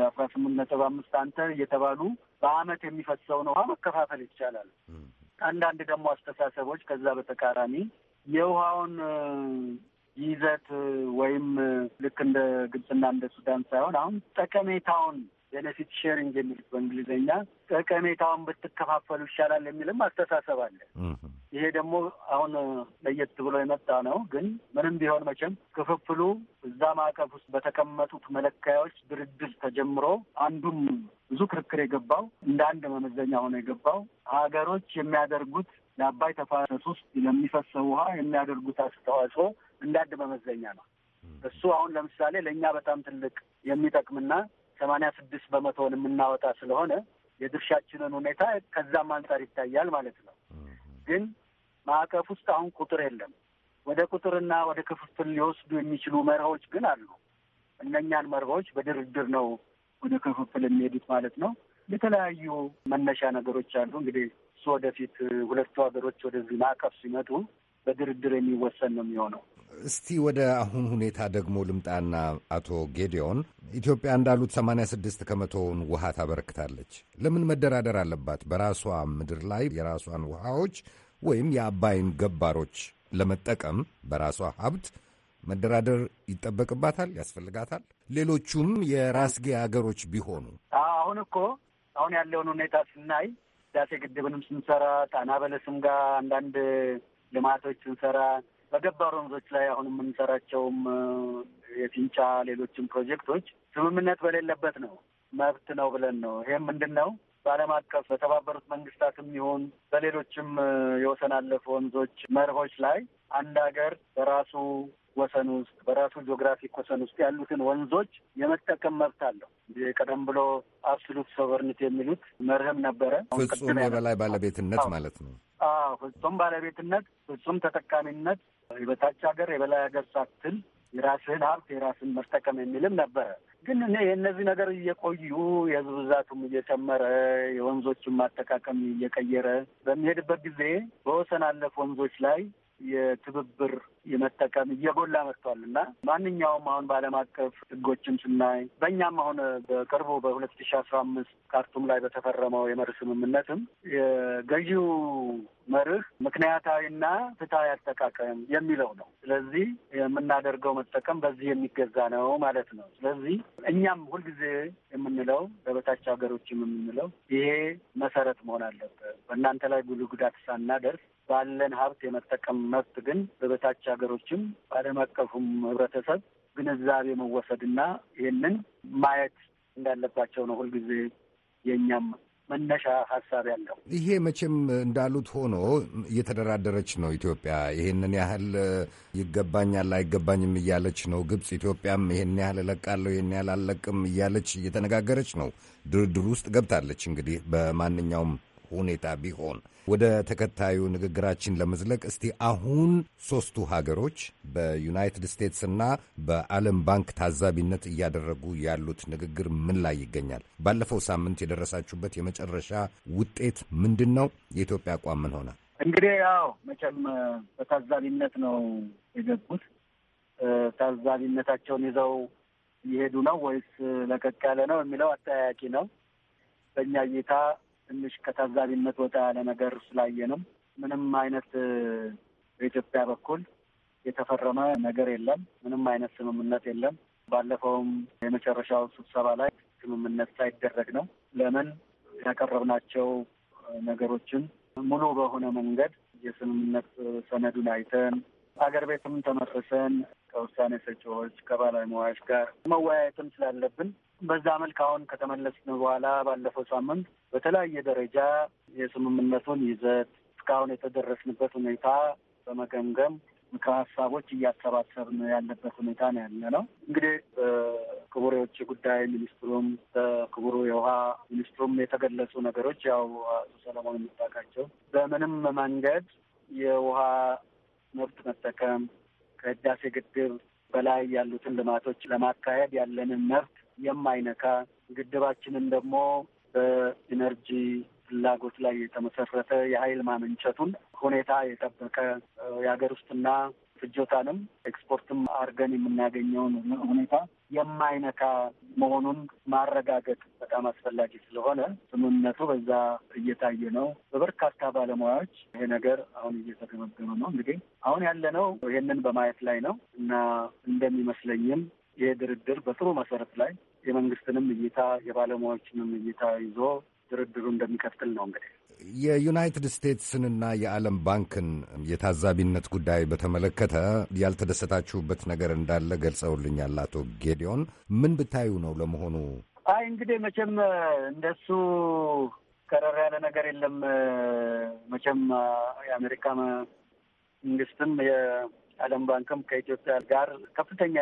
አስራ ስምንት ነጥብ አምስት አንተ እየተባሉ በአመት የሚፈሰውን ውሃ መከፋፈል ይቻላል። አንዳንድ ደግሞ አስተሳሰቦች ከዛ በተቃራኒ የውሃውን ይዘት ወይም ልክ እንደ ግብፅና እንደ ሱዳን ሳይሆን አሁን ጠቀሜታውን ቤኔፊት ሼሪንግ የሚሉት በእንግሊዝኛ ጠቀሜታውን ብትከፋፈሉ ይሻላል የሚልም አስተሳሰብ አለ። ይሄ ደግሞ አሁን ለየት ብሎ የመጣ ነው። ግን ምንም ቢሆን መቼም ክፍፍሉ እዛ ማዕቀፍ ውስጥ በተቀመጡት መለካዮች ድርድር ተጀምሮ አንዱም ብዙ ክርክር የገባው እንደ አንድ መመዘኛ ሆኖ የገባው ሀገሮች የሚያደርጉት ለአባይ ተፋሰስ ውስጥ ለሚፈሰው ውሃ የሚያደርጉት አስተዋጽኦ እንዳንድ መመዘኛ ነው። እሱ አሁን ለምሳሌ ለእኛ በጣም ትልቅ የሚጠቅምና ሰማንያ ስድስት በመቶውን የምናወጣ ስለሆነ የድርሻችንን ሁኔታ ከዛም አንጻር ይታያል ማለት ነው። ግን ማዕቀፍ ውስጥ አሁን ቁጥር የለም። ወደ ቁጥርና ወደ ክፍፍል ሊወስዱ የሚችሉ መርሆች ግን አሉ። እነኛን መርሆች በድርድር ነው ወደ ክፍፍል የሚሄዱት ማለት ነው። የተለያዩ መነሻ ነገሮች አሉ እንግዲህ ወደፊት ሁለቱ ሀገሮች ወደዚህ ማዕቀፍ ሲመጡ በድርድር የሚወሰን ነው የሚሆነው። እስቲ ወደ አሁን ሁኔታ ደግሞ ልምጣና አቶ ጌዲዮን ኢትዮጵያ እንዳሉት ሰማንያ ስድስት ከመቶውን ውሃ ታበረክታለች። ለምን መደራደር አለባት? በራሷ ምድር ላይ የራሷን ውሃዎች ወይም የአባይን ገባሮች ለመጠቀም በራሷ ሀብት መደራደር ይጠበቅባታል፣ ያስፈልጋታል። ሌሎቹም የራስጌ ሀገሮች ቢሆኑ አሁን እኮ አሁን ያለውን ሁኔታ ስናይ ህዳሴ ግድብንም ስንሰራ ጣና በለስም ጋር አንዳንድ ልማቶች ስንሰራ በገባሩ ወንዞች ላይ አሁን የምንሰራቸውም የፊንቻ ሌሎችም ፕሮጀክቶች ስምምነት በሌለበት ነው መብት ነው ብለን ነው። ይህም ምንድን ነው በዓለም አቀፍ በተባበሩት መንግስታትም ይሁን በሌሎችም የወሰን ወንዞች መርሆች ላይ አንድ ሀገር በራሱ ወሰን ውስጥ በራሱ ጂኦግራፊክ ወሰን ውስጥ ያሉትን ወንዞች የመጠቀም መብት አለው። ቀደም ብሎ አብሶሉት ሶቨርኒት የሚሉት መርህም ነበረ። ፍጹም የበላይ ባለቤትነት ማለት ነው። ፍጹም ባለቤትነት፣ ፍጹም ተጠቃሚነት፣ የበታች ሀገር የበላይ ሀገር ሳትል የራስህን ሀብት የራስን መጠቀም የሚልም ነበረ። ግን የእነዚህ ነገር እየቆዩ የህዝብ ብዛቱም እየጨመረ የወንዞችን ማጠቃቀም እየቀየረ በሚሄድበት ጊዜ በወሰን አለፍ ወንዞች ላይ የትብብር የመጠቀም እየጎላ መጥቷል እና ማንኛውም አሁን በዓለም አቀፍ ህጎችን ስናይ በእኛም አሁን በቅርቡ በሁለት ሺ አስራ አምስት ካርቱም ላይ በተፈረመው የመርህ ስምምነትም የገዢው መርህ ምክንያታዊና ፍትሐዊ አጠቃቀም የሚለው ነው። ስለዚህ የምናደርገው መጠቀም በዚህ የሚገዛ ነው ማለት ነው። ስለዚህ እኛም ሁልጊዜ የምንለው ለበታች ሀገሮችም የምንለው ይሄ መሰረት መሆን አለበት። በእናንተ ላይ ጉልህ ጉዳት ሳናደርስ ባለን ሀብት የመጠቀም መብት ግን በበታች ሀገሮችም በዓለም አቀፉም ህብረተሰብ ግንዛቤ መወሰድና ይህንን ማየት እንዳለባቸው ነው ሁልጊዜ የእኛም መነሻ ሀሳብ ያለው። ይሄ መቼም እንዳሉት ሆኖ እየተደራደረች ነው ኢትዮጵያ። ይህንን ያህል ይገባኛል አይገባኝም እያለች ነው ግብጽ። ኢትዮጵያም ይህን ያህል እለቃለሁ ይህን ያህል አልለቅም እያለች እየተነጋገረች ነው። ድርድር ውስጥ ገብታለች። እንግዲህ በማንኛውም ሁኔታ ቢሆን ወደ ተከታዩ ንግግራችን ለመዝለቅ እስቲ አሁን ሶስቱ ሀገሮች በዩናይትድ ስቴትስ እና በዓለም ባንክ ታዛቢነት እያደረጉ ያሉት ንግግር ምን ላይ ይገኛል? ባለፈው ሳምንት የደረሳችሁበት የመጨረሻ ውጤት ምንድን ነው? የኢትዮጵያ አቋም ምን ሆነ? እንግዲህ ያው መቼም በታዛቢነት ነው የገቡት። ታዛቢነታቸውን ይዘው እየሄዱ ነው ወይስ ለቀቅ ያለ ነው የሚለው አጠያያቂ ነው። በእኛ እይታ ትንሽ ከታዛቢነት ወጣ ያለ ነገር ስላየ ነው። ምንም አይነት በኢትዮጵያ በኩል የተፈረመ ነገር የለም። ምንም አይነት ስምምነት የለም። ባለፈውም የመጨረሻው ስብሰባ ላይ ስምምነት ሳይደረግ ነው። ለምን ያቀረብናቸው ነገሮችን ሙሉ በሆነ መንገድ የስምምነት ሰነዱን አይተን አገር ቤትም ተመርሰን ከውሳኔ ሰጪዎች ከባለሙያዎች ጋር መወያየትም ስላለብን በዛ መልክ አሁን ከተመለስን በኋላ ባለፈው ሳምንት በተለያየ ደረጃ የስምምነቱን ይዘት እስካሁን የተደረስንበት ሁኔታ በመገምገም ምክረ ሀሳቦች እያሰባሰብን ያለበት ሁኔታ ነው ያለ ነው። እንግዲህ በክቡር የውጭ ጉዳይ ሚኒስትሩም በክቡሩ የውሃ ሚኒስትሩም የተገለጹ ነገሮች ያው አቶ ሰለሞን የምታውቃቸው በምንም መንገድ የውሃ መብት መጠቀም ከህዳሴ ግድብ በላይ ያሉትን ልማቶች ለማካሄድ ያለንን መብት የማይነካ ግድባችንን ደግሞ በኢነርጂ ፍላጎት ላይ የተመሰረተ የሀይል ማመንጨቱን ሁኔታ የጠበቀ የሀገር ውስጥና ፍጆታንም ኤክስፖርትም አድርገን የምናገኘውን ሁኔታ የማይነካ መሆኑን ማረጋገጥ በጣም አስፈላጊ ስለሆነ ስምምነቱ በዛ እየታየ ነው። በበርካታ ባለሙያዎች ይሄ ነገር አሁን እየተገመገመ ነው። እንግዲህ አሁን ያለነው ይሄንን በማየት ላይ ነው እና እንደሚመስለኝም ይሄ ድርድር በጥሩ መሰረት ላይ የመንግስትንም እይታ የባለሙያዎችንም እይታ ይዞ ድርድሩ እንደሚቀጥል ነው። እንግዲህ የዩናይትድ ስቴትስንና የዓለም ባንክን የታዛቢነት ጉዳይ በተመለከተ ያልተደሰታችሁበት ነገር እንዳለ ገልጸውልኛል አቶ ጌዲዮን። ምን ብታዩ ነው ለመሆኑ? አይ እንግዲህ መቼም እንደሱ ከረር ያለ ነገር የለም። መቼም የአሜሪካ መንግስትም የዓለም ባንክም ከኢትዮጵያ ጋር ከፍተኛ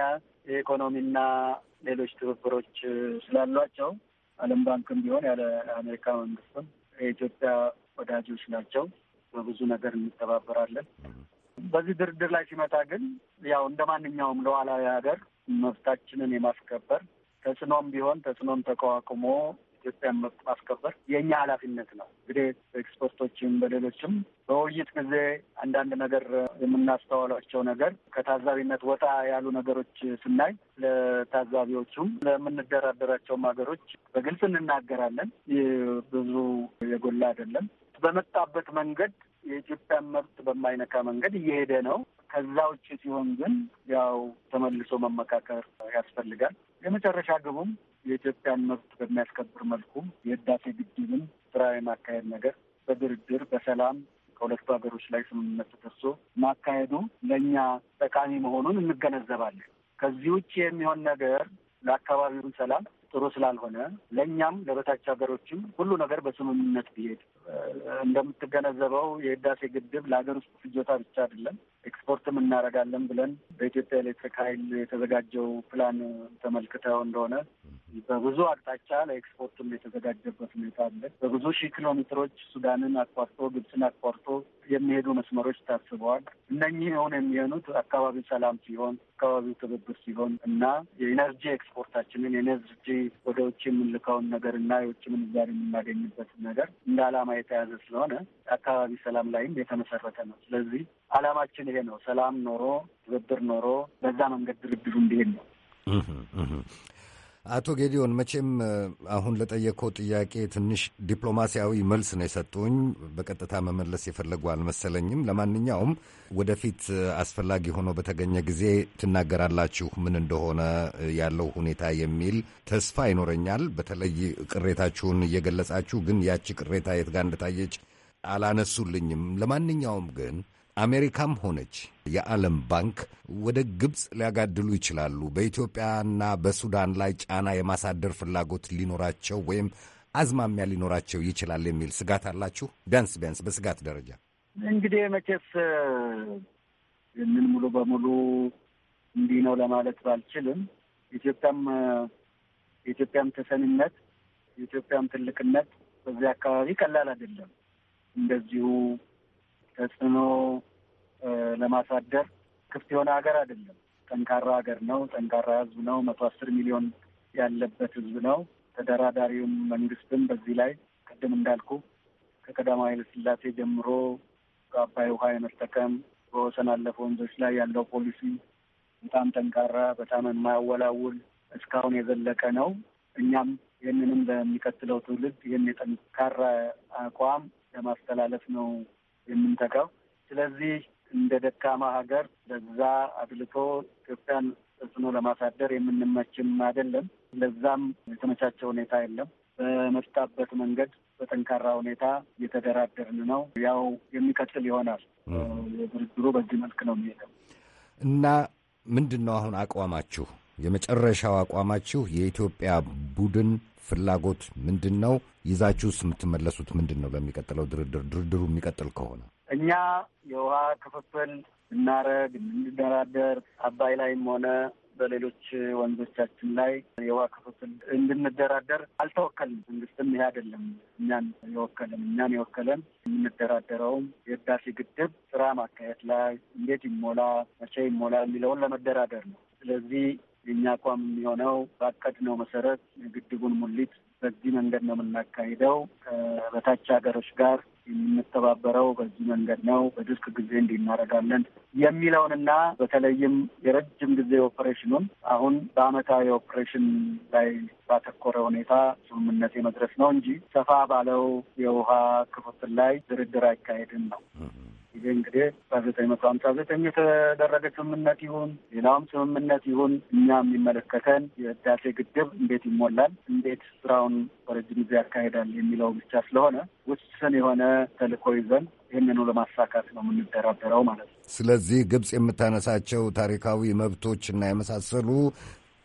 የኢኮኖሚና ሌሎች ትብብሮች ስላሏቸው ዓለም ባንክም ቢሆን ያለ አሜሪካ መንግስትም የኢትዮጵያ ወዳጆች ናቸው። በብዙ ነገር እንተባበራለን። በዚህ ድርድር ላይ ሲመጣ ግን ያው እንደ ማንኛውም ሉዓላዊ ሀገር መብታችንን የማስከበር ተጽዕኖም ቢሆን ተጽዕኖም ተቋቁሞ የኢትዮጵያን መብት ማስከበር የእኛ ኃላፊነት ነው። እንግዲህ በኤክስፐርቶችም በሌሎችም በውይይት ጊዜ አንዳንድ ነገር የምናስተዋሏቸው ነገር ከታዛቢነት ወጣ ያሉ ነገሮች ስናይ ለታዛቢዎቹም ለምንደራደራቸውም ሀገሮች በግልጽ እንናገራለን። ብዙ የጎላ አይደለም። በመጣበት መንገድ የኢትዮጵያን መብት በማይነካ መንገድ እየሄደ ነው። ከዛ ውጭ ሲሆን ግን ያው ተመልሶ መመካከር ያስፈልጋል። የመጨረሻ ግቡም የኢትዮጵያን መብት በሚያስከብር መልኩ የህዳሴ ግድብን ስራ የማካሄድ ነገር በድርድር በሰላም ከሁለቱ ሀገሮች ላይ ስምምነት ተደርሶ ማካሄዱ ለእኛ ጠቃሚ መሆኑን እንገነዘባለን። ከዚህ ውጭ የሚሆን ነገር ለአካባቢውን ሰላም ጥሩ ስላልሆነ ለእኛም ለበታች ሀገሮችም ሁሉ ነገር በስምምነት ቢሄድ እንደምትገነዘበው የህዳሴ ግድብ ለሀገር ውስጥ ፍጆታ ብቻ አይደለም፣ ኤክስፖርትም እናደርጋለን ብለን በኢትዮጵያ ኤሌክትሪክ ኃይል የተዘጋጀው ፕላን ተመልክተው እንደሆነ በብዙ አቅጣጫ ለኤክስፖርትም የተዘጋጀበት ሁኔታ አለ። በብዙ ሺህ ኪሎ ሜትሮች ሱዳንን አቋርጦ ግብፅን አቋርጦ የሚሄዱ መስመሮች ታስበዋል። እነኚህ የሆነ የሚሆኑት አካባቢው ሰላም ሲሆን፣ አካባቢው ትብብር ሲሆን እና የኢነርጂ ኤክስፖርታችንን የኤነርጂ ወደ ውጭ የምንልከውን ነገር እና የውጭ ምንዛሪ የምናገኝበት ነገር እንደ ዓላማ የተያዘ ስለሆነ አካባቢ ሰላም ላይም የተመሰረተ ነው። ስለዚህ ዓላማችን ይሄ ነው። ሰላም ኖሮ ትብብር ኖሮ በዛ መንገድ ድርድሩ እንዲሄድ ነው። አቶ ጌዲዮን መቼም አሁን ለጠየቀው ጥያቄ ትንሽ ዲፕሎማሲያዊ መልስ ነው የሰጡኝ። በቀጥታ መመለስ የፈለጉ አልመሰለኝም። ለማንኛውም ወደፊት አስፈላጊ ሆኖ በተገኘ ጊዜ ትናገራላችሁ ምን እንደሆነ ያለው ሁኔታ የሚል ተስፋ ይኖረኛል። በተለይ ቅሬታችሁን እየገለጻችሁ ግን ያቺ ቅሬታ የት ጋር እንደታየች አላነሱልኝም። ለማንኛውም ግን አሜሪካም ሆነች የዓለም ባንክ ወደ ግብፅ ሊያጋድሉ ይችላሉ። በኢትዮጵያና በሱዳን ላይ ጫና የማሳደር ፍላጎት ሊኖራቸው ወይም አዝማሚያ ሊኖራቸው ይችላል የሚል ስጋት አላችሁ? ቢያንስ ቢያንስ በስጋት ደረጃ እንግዲህ መቼስ ምን ሙሉ በሙሉ እንዲህ ነው ለማለት ባልችልም ኢትዮጵያም የኢትዮጵያም ተሰሚነት የኢትዮጵያም ትልቅነት በዚህ አካባቢ ቀላል አይደለም። እንደዚሁ ተጽዕኖ ለማሳደር ክፍት የሆነ ሀገር አይደለም። ጠንካራ ሀገር ነው። ጠንካራ ህዝብ ነው። መቶ አስር ሚሊዮን ያለበት ህዝብ ነው። ተደራዳሪውም መንግስትም በዚህ ላይ ቅድም እንዳልኩ ከቀዳማዊ ኃይለ ሥላሴ ጀምሮ በአባይ ውሃ የመጠቀም በወሰን አለፈ ወንዞች ላይ ያለው ፖሊሲ በጣም ጠንካራ፣ በጣም የማያወላውል እስካሁን የዘለቀ ነው። እኛም ይህንንም ለሚቀጥለው ትውልድ ይህን የጠንካራ አቋም ለማስተላለፍ ነው የምንተካው። ስለዚህ እንደ ደካማ ሀገር በዛ አድልቶ ኢትዮጵያን ተጽዕኖ ለማሳደር የምንመችም አይደለም። ለዛም የተመቻቸ ሁኔታ የለም። በመጣበት መንገድ በጠንካራ ሁኔታ እየተደራደርን ነው። ያው የሚቀጥል ይሆናል። የድርድሩ በዚህ መልክ ነው የሚሄደው እና ምንድን ነው አሁን አቋማችሁ? የመጨረሻው አቋማችሁ የኢትዮጵያ ቡድን ፍላጎት ምንድን ነው? ይዛችሁስ የምትመለሱት ምንድን ነው? ለሚቀጥለው ድርድር ድርድሩ የሚቀጥል ከሆነ እኛ የውሃ ክፍፍል እናረግ እንድንደራደር አባይ ላይም ሆነ በሌሎች ወንዞቻችን ላይ የውሃ ክፍፍል እንድንደራደር አልተወከልንም። መንግስትም ይሄ አይደለም እኛን የወከለን እኛን የወከለን የምንደራደረውም የህዳሴ ግድብ ስራ ማካሄድ ላይ እንዴት ይሞላ፣ መቼ ይሞላ የሚለውን ለመደራደር ነው። ስለዚህ የእኛ አቋም የሚሆነው ባቀድነው መሰረት የግድቡን ሙሊት በዚህ መንገድ ነው የምናካሂደው። ከበታች ሀገሮች ጋር የምንተባበረው በዚህ መንገድ ነው፣ በድርቅ ጊዜ እንዲህ እናደርጋለን የሚለውንና በተለይም የረጅም ጊዜ ኦፕሬሽኑን አሁን በአመታዊ ኦፕሬሽን ላይ ባተኮረ ሁኔታ ስምምነት የመድረስ ነው እንጂ ሰፋ ባለው የውሃ ክፍፍል ላይ ድርድር አይካሄድም ነው። ጊዜ እንግዲህ በዘጠኝ መቶ ሀምሳ ዘጠኝ የተደረገ ስምምነት ይሁን ሌላውም ስምምነት ይሁን እኛ የሚመለከተን የህዳሴ ግድብ እንዴት ይሞላል፣ እንዴት ስራውን በረጅም ጊዜ ያካሄዳል የሚለው ብቻ ስለሆነ ውስን የሆነ ተልእኮ ይዘን ይህንኑ ለማሳካት ነው የምንደራደረው ማለት ነው። ስለዚህ ግብጽ የምታነሳቸው ታሪካዊ መብቶች እና የመሳሰሉ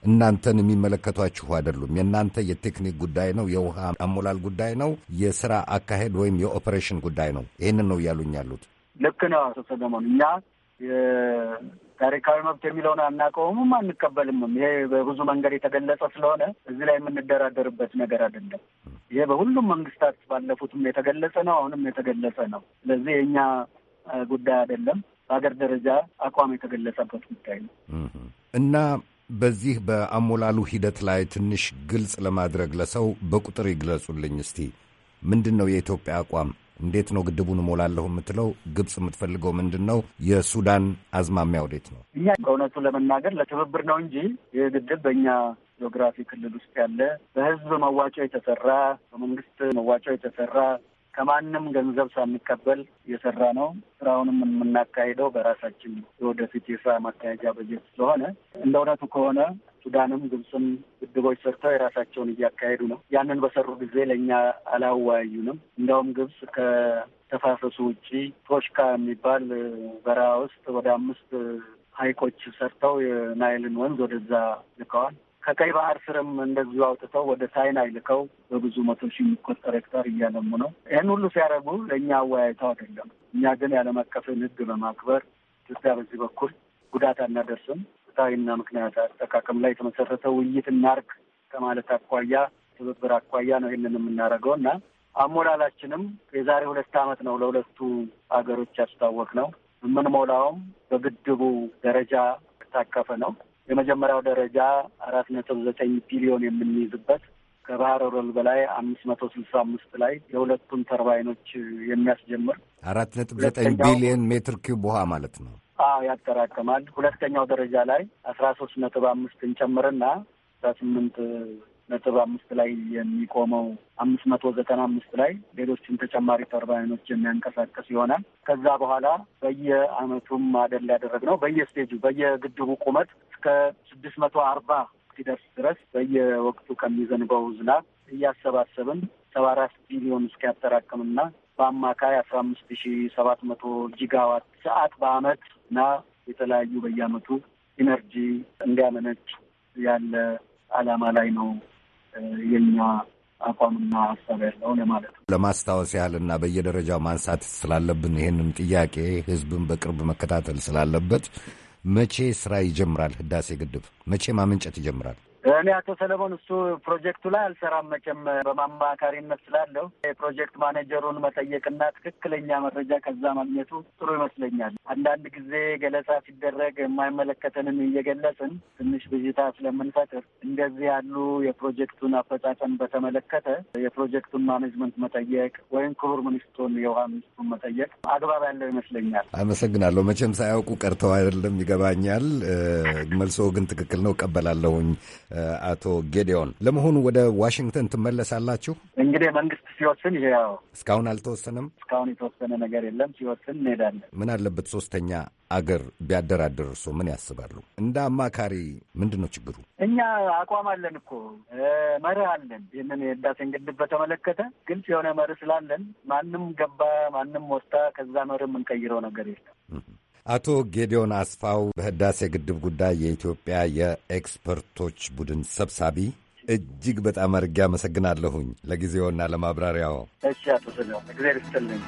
እናንተን የሚመለከቷችሁ አይደሉም። የእናንተ የቴክኒክ ጉዳይ ነው፣ የውሃ አሞላል ጉዳይ ነው፣ የስራ አካሄድ ወይም የኦፐሬሽን ጉዳይ ነው። ይህንን ነው እያሉኝ ያሉት። ልክ ነው አቶ ሰለሞን። እኛ ታሪካዊ መብት የሚለውን አናቀውምም አንቀበልምም። ይሄ በብዙ መንገድ የተገለጸ ስለሆነ እዚህ ላይ የምንደራደርበት ነገር አይደለም። ይሄ በሁሉም መንግስታት ባለፉትም የተገለጸ ነው፣ አሁንም የተገለጸ ነው። ስለዚህ የእኛ ጉዳይ አይደለም። በሀገር ደረጃ አቋም የተገለጸበት ጉዳይ ነው እና በዚህ በአሞላሉ ሂደት ላይ ትንሽ ግልጽ ለማድረግ ለሰው በቁጥር ይግለጹልኝ እስቲ ምንድን ነው የኢትዮጵያ አቋም? እንዴት ነው ግድቡን እሞላለሁ የምትለው? ግብጽ የምትፈልገው ምንድን ነው? የሱዳን አዝማሚያ ወዴት ነው? እኛ በእውነቱ ለመናገር ለትብብር ነው እንጂ ይህ ግድብ በእኛ ጂኦግራፊ ክልል ውስጥ ያለ በህዝብ መዋጮ የተሰራ በመንግስት መዋጮ የተሰራ ከማንም ገንዘብ ሳንቀበል የሰራ ነው። ስራውንም የምናካሄደው በራሳችን የወደፊት የስራ ማካሄጃ በጀት ስለሆነ እንደ እውነቱ ከሆነ ሱዳንም ግብፅም ግድቦች ሰርተው የራሳቸውን እያካሄዱ ነው። ያንን በሰሩ ጊዜ ለእኛ አላወያዩንም። እንደውም ግብፅ ከተፋሰሱ ውጪ ቶሽካ የሚባል በረሃ ውስጥ ወደ አምስት ሀይቆች ሰርተው የናይልን ወንዝ ወደዛ ልከዋል። ከቀይ ባህር ስርም እንደዚሁ አውጥተው ወደ ሳይና ይልከው በብዙ መቶ ሺህ የሚቆጠር ሄክታር እያለሙ ነው። ይህን ሁሉ ሲያደርጉ ለእኛ አወያይተው አይደለም። እኛ ግን የዓለም አቀፍን ሕግ በማክበር ኢትዮጵያ በዚህ በኩል ጉዳት አናደርስም፣ ፍትሐዊና ምክንያት አጠቃቀም ላይ የተመሰረተ ውይይት እናርግ ከማለት አኳያ ትብብር አኳያ ነው ይህንን የምናደርገው እና አሞላላችንም የዛሬ ሁለት ዓመት ነው ለሁለቱ ሀገሮች ያስታወቅ ነው። የምንሞላውም በግድቡ ደረጃ የታቀፈ ነው። የመጀመሪያው ደረጃ አራት ነጥብ ዘጠኝ ቢሊዮን የምንይዝበት ከባህር ወለል በላይ አምስት መቶ ስልሳ አምስት ላይ የሁለቱን ተርባይኖች የሚያስጀምር አራት ነጥብ ዘጠኝ ቢሊዮን ሜትር ኪዩብ ውሃ ማለት ነው። አዎ ያጠራቅማል። ሁለተኛው ደረጃ ላይ አስራ ሶስት ነጥብ አምስት እንጨምርና አስራ ስምንት ነጥብ አምስት ላይ የሚቆመው አምስት መቶ ዘጠና አምስት ላይ ሌሎችን ተጨማሪ ተርባይኖች የሚያንቀሳቀስ ይሆናል። ከዛ በኋላ በየአመቱም አደል ያደረግነው በየስቴጁ በየግድቡ ቁመት እስከ ስድስት መቶ አርባ እስኪደርስ ድረስ በየወቅቱ ከሚዘንበው ዝናብ እያሰባሰብን ሰባ አራት ቢሊዮን እስኪያጠራቅምና በአማካይ አስራ አምስት ሺ ሰባት መቶ ጂጋዋት ሰዓት በአመት እና የተለያዩ በየአመቱ ኢነርጂ እንዲያመነጭ ያለ አላማ ላይ ነው የኛ አቋምና ሀሳብ ያለው ለማለት ነው። ለማስታወስ ያህልና በየደረጃው ማንሳት ስላለብን ይህንን ጥያቄ ህዝብን በቅርብ መከታተል ስላለበት መቼ ስራ ይጀምራል? ህዳሴ ግድብ መቼ ማመንጨት ይጀምራል? እኔ አቶ ሰለሞን እሱ ፕሮጀክቱ ላይ አልሰራም መቼም በማማካሪነት ስላለው የፕሮጀክት ማኔጀሩን መጠየቅና ትክክለኛ መረጃ ከዛ ማግኘቱ ጥሩ ይመስለኛል። አንዳንድ ጊዜ ገለጻ ሲደረግ የማይመለከተንን እየገለጽን ትንሽ ብዥታ ስለምንፈጥር እንደዚህ ያሉ የፕሮጀክቱን አፈጻጸም በተመለከተ የፕሮጀክቱን ማኔጅመንት መጠየቅ ወይም ክቡር ሚኒስትሩን የውሃ ሚኒስትሩን መጠየቅ አግባብ ያለው ይመስለኛል። አመሰግናለሁ። መቼም ሳያውቁ ቀርተው አይደለም ይገባኛል። መልሶ ግን ትክክል ነው፣ እቀበላለሁኝ። አቶ ጌዲዮን ለመሆኑ ወደ ዋሽንግተን ትመለሳላችሁ? እንግዲህ መንግስት ሲወስን ይሄ ያው እስካሁን አልተወሰነም። እስካሁን የተወሰነ ነገር የለም። ሲወስን እንሄዳለን። ምን አለበት ሶስተኛ አገር ቢያደራድር እርሶ ምን ያስባሉ? እንደ አማካሪ ምንድን ነው ችግሩ? እኛ አቋም አለን እኮ መርህ አለን። ይህንን የህዳሴን ግድብ በተመለከተ ግልጽ የሆነ መርህ ስላለን ማንም ገባ ማንም ወጣ ከዛ መርህ የምንቀይረው ነገር የለም። አቶ ጌዲዮን አስፋው በህዳሴ ግድብ ጉዳይ የኢትዮጵያ የኤክስፐርቶች ቡድን ሰብሳቢ፣ እጅግ በጣም አድርጌ አመሰግናለሁኝ ለጊዜውና ለማብራሪያው። እሺ አቶ ስለ እግዚአብሔር ይስጥልኝ።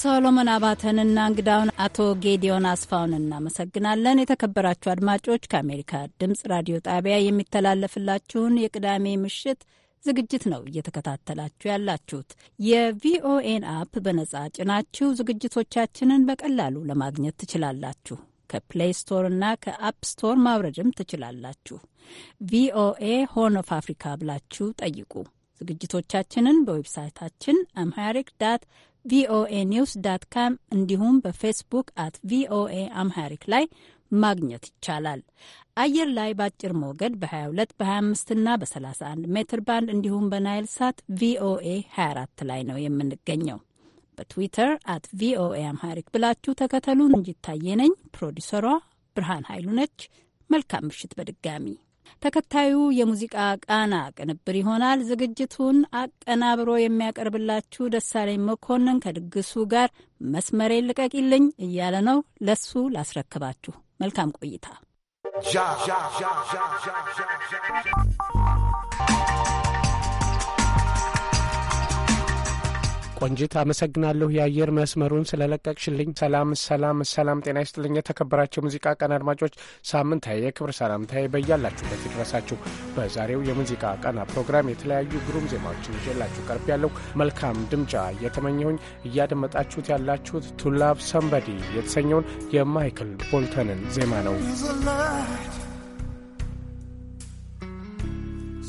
ሶሎሞን አባተንና እንግዳውን አቶ ጌዲዮን አስፋውን እናመሰግናለን። የተከበራችሁ አድማጮች ከአሜሪካ ድምፅ ራዲዮ ጣቢያ የሚተላለፍላችሁን የቅዳሜ ምሽት ዝግጅት ነው እየተከታተላችሁ ያላችሁት። የቪኦኤን አፕ በነጻ ጭናችሁ ዝግጅቶቻችንን በቀላሉ ለማግኘት ትችላላችሁ። ከፕሌይ ስቶር እና ከአፕ ስቶር ማውረድም ትችላላችሁ። ቪኦኤ ሆርን ኦፍ አፍሪካ ብላችሁ ጠይቁ። ዝግጅቶቻችንን በዌብሳይታችን አምሃሪክ ዳት ቪኦኤ ኒውስ ዳት ካም እንዲሁም በፌስቡክ አት ቪኦኤ አምሃሪክ ላይ ማግኘት ይቻላል። አየር ላይ በአጭር ሞገድ በ22 በ25 እና በ31 ሜትር ባንድ እንዲሁም በናይል ሳት ቪኦኤ 24 ላይ ነው የምንገኘው። በትዊተር አት ቪኦኤ አምሃሪክ ብላችሁ ተከተሉን። እንጂታየ ነኝ። ፕሮዲሰሯ ብርሃን ኃይሉ ነች። መልካም ምሽት በድጋሚ ተከታዩ የሙዚቃ ቃና ቅንብር ይሆናል። ዝግጅቱን አቀናብሮ የሚያቀርብላችሁ ደሳለኝ መኮንን ከድግሱ ጋር መስመሬ ልቀቂልኝ እያለ ነው። ለሱ ላስረክባችሁ። መልካም ቆይታ። ቆንጂት አመሰግናለሁ የአየር መስመሩን ስለለቀቅሽልኝ። ሰላም ሰላም ሰላም፣ ጤና ይስጥልኝ የተከበራቸው የሙዚቃ ቀን አድማጮች፣ ሳምንታዊ የክብር ሰላምታዬ በያላችሁበት ይድረሳችሁ። በዛሬው የሙዚቃ ቀና ፕሮግራም የተለያዩ ግሩም ዜማዎችን ይዤላችሁ ቀርብ ያለው መልካም ድምጫ እየተመኘሁኝ እያደመጣችሁት ያላችሁት ቱላብ ሰንበዲ የተሰኘውን የማይክል ቦልተንን ዜማ ነው።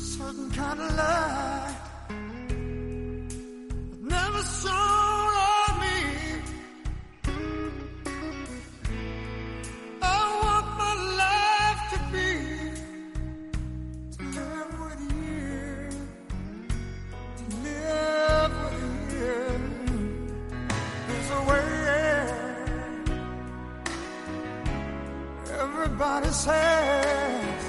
Certain kind of love never saw me. I want my life to be to live with you, to live with you. There's a way everybody says.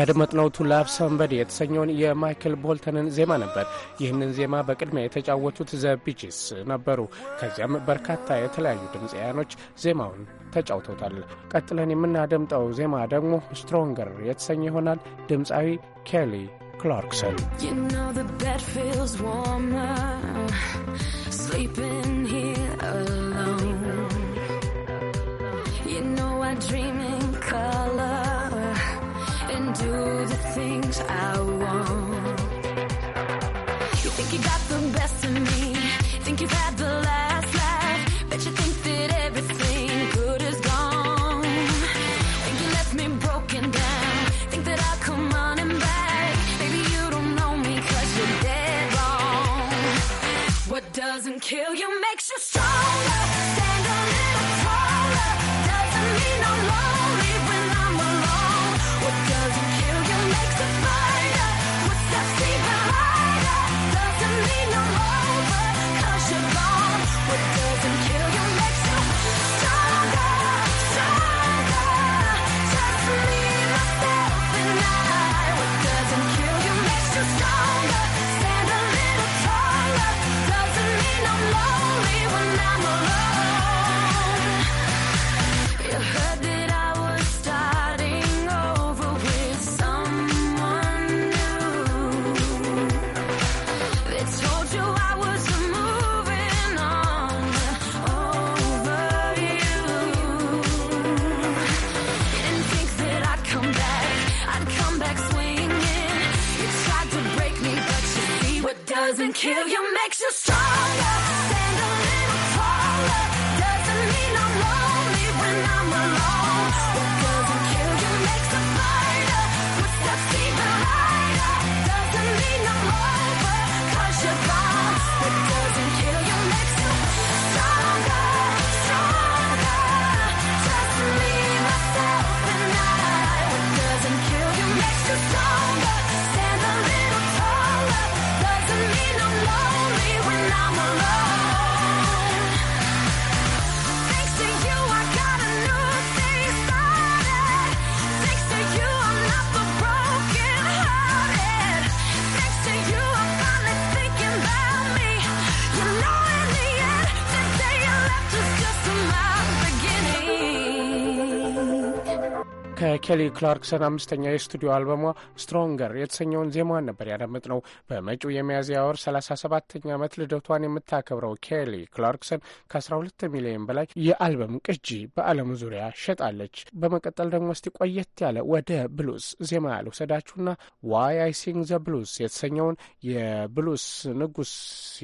ያደመጥነው ቱ ላቭ ሰምበዲ የተሰኘውን የማይክል ቦልተንን ዜማ ነበር። ይህንን ዜማ በቅድሚያ የተጫወቱት ዘ ቢጂስ ነበሩ። ከዚያም በርካታ የተለያዩ ድምፃውያኖች ዜማውን ተጫውተውታል። ቀጥለን የምናደምጠው ዜማ ደግሞ ስትሮንገር የተሰኘ ይሆናል። ድምፃዊ ኬሊ ክላርክሰን dreaming color the things I want. You think you got the best of me, think you've had the last laugh, Bet you think that everything good is gone. Think you left me broken down, think that I'll come running back. Maybe you don't know me cause you're dead wrong. What doesn't kill you and kill your ከኬሊ ክላርክሰን አምስተኛ የስቱዲዮ አልበሟ ስትሮንገር የተሰኘውን ዜማዋን ነበር ያዳምጥ ነው። በመጪው የሚያዝያ ወር 37ኛ ዓመት ልደቷን የምታከብረው ኬሊ ክላርክሰን ከ12 ሚሊዮን በላይ የአልበም ቅጂ በዓለም ዙሪያ ሸጣለች። በመቀጠል ደግሞ እስቲ ቆየት ያለ ወደ ብሉስ ዜማ ያልውሰዳችሁና ዋይ አይ ሲንግ ዘ ብሉስ የተሰኘውን የብሉስ ንጉስ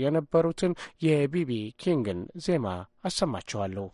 የነበሩትን የቢቢ ኪንግን ዜማ አሰማችኋለሁ።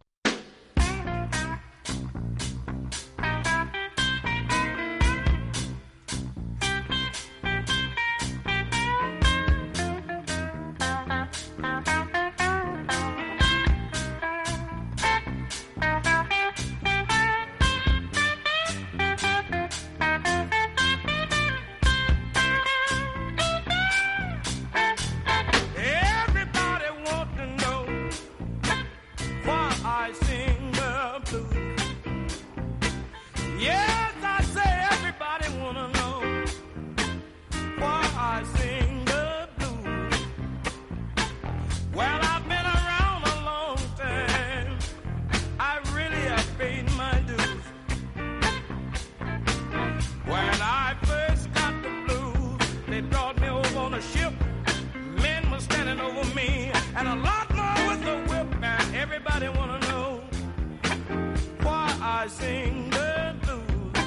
I sing the blues.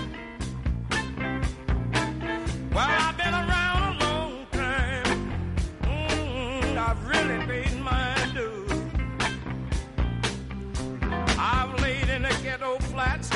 Well, I've been around a long time. Mm, I've really paid my dues. I've laid in the ghetto flats.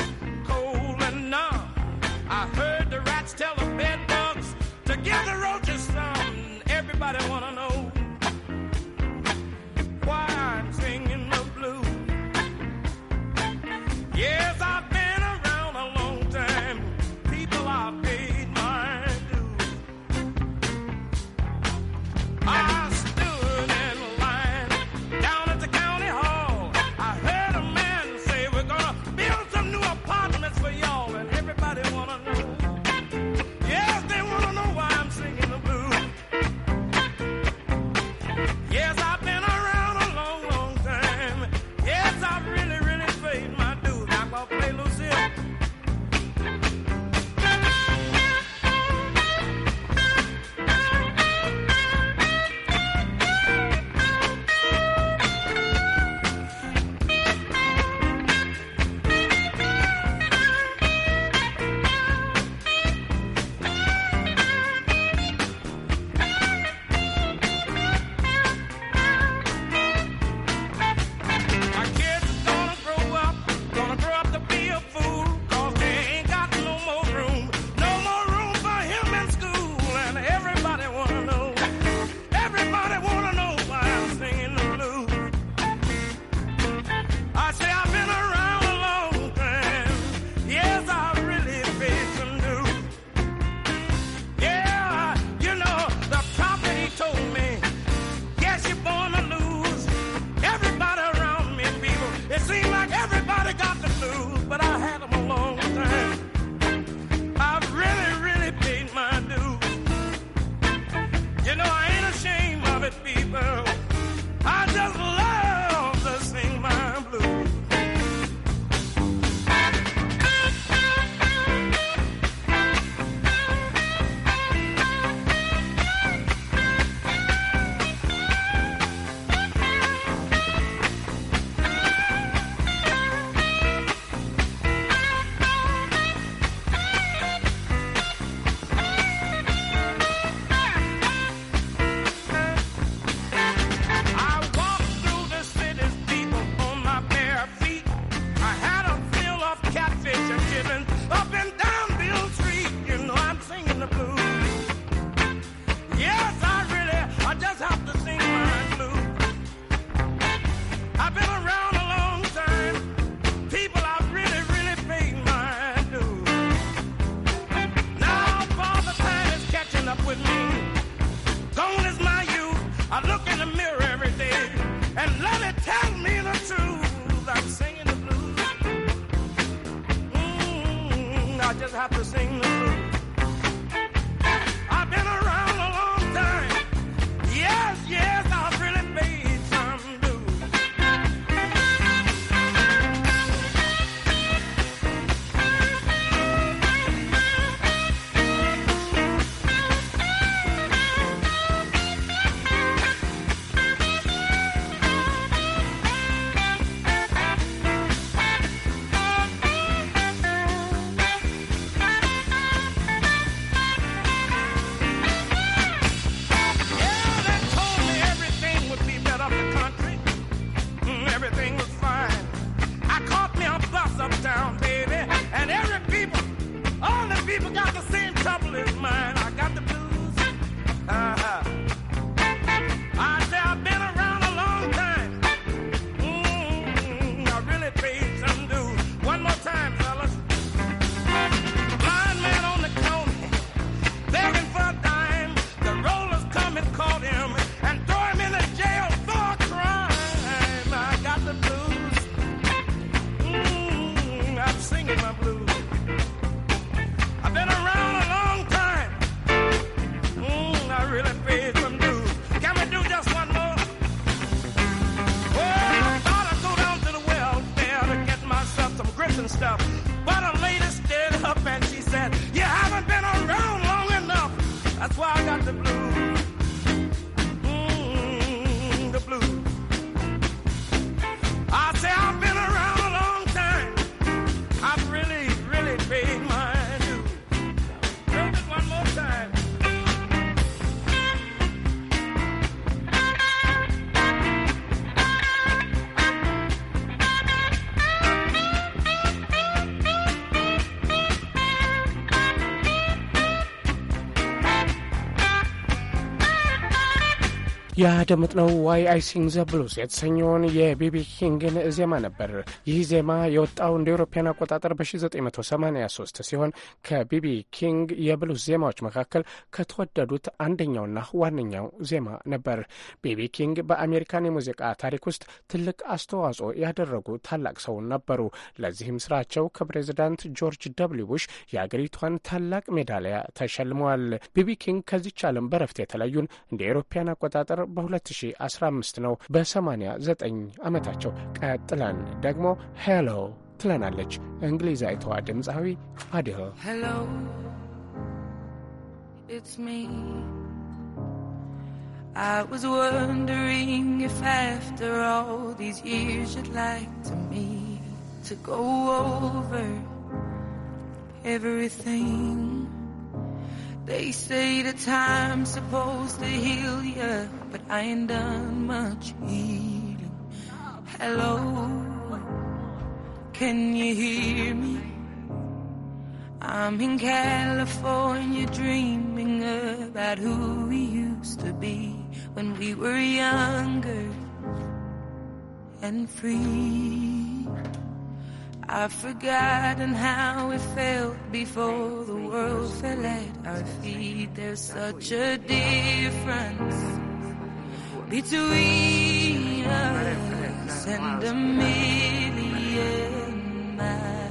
ያደመጥነው ዋይ አይ ሲንግ ዘ ብሉስ የተሰኘውን የቢቢ ኪንግን ዜማ ነበር። ይህ ዜማ የወጣው እንደ ኤሮፓያን አቆጣጠር በ1983 ሲሆን ከቢቢ ኪንግ የብሉስ ዜማዎች መካከል ከተወደዱት አንደኛውና ዋነኛው ዜማ ነበር። ቢቢ ኪንግ በአሜሪካን የሙዚቃ ታሪክ ውስጥ ትልቅ አስተዋጽኦ ያደረጉ ታላቅ ሰው ነበሩ። ለዚህም ስራቸው ከፕሬዚዳንት ጆርጅ ደብልዩ ቡሽ የአገሪቷን ታላቅ ሜዳሊያ ተሸልመዋል። ቢቢ ኪንግ ከዚች ዓለም በረፍት የተለዩን እንደ ኤሮፓያን አቆጣጠር በ 2015 ነው። በ89 ዓመታቸው ቀጥለን ደግሞ ሄሎ ትለናለች እንግሊዛዊቷ ድምፃዊ It's me. I was wondering if after all these years you'd like to me to go over everything. They say the time's supposed to heal ya, but I ain't done much healing. Hello, can you hear me? I'm in California dreaming about who we used to be when we were younger and free. I've forgotten how it felt before the world fell at our feet. There's such a difference between us and a million miles.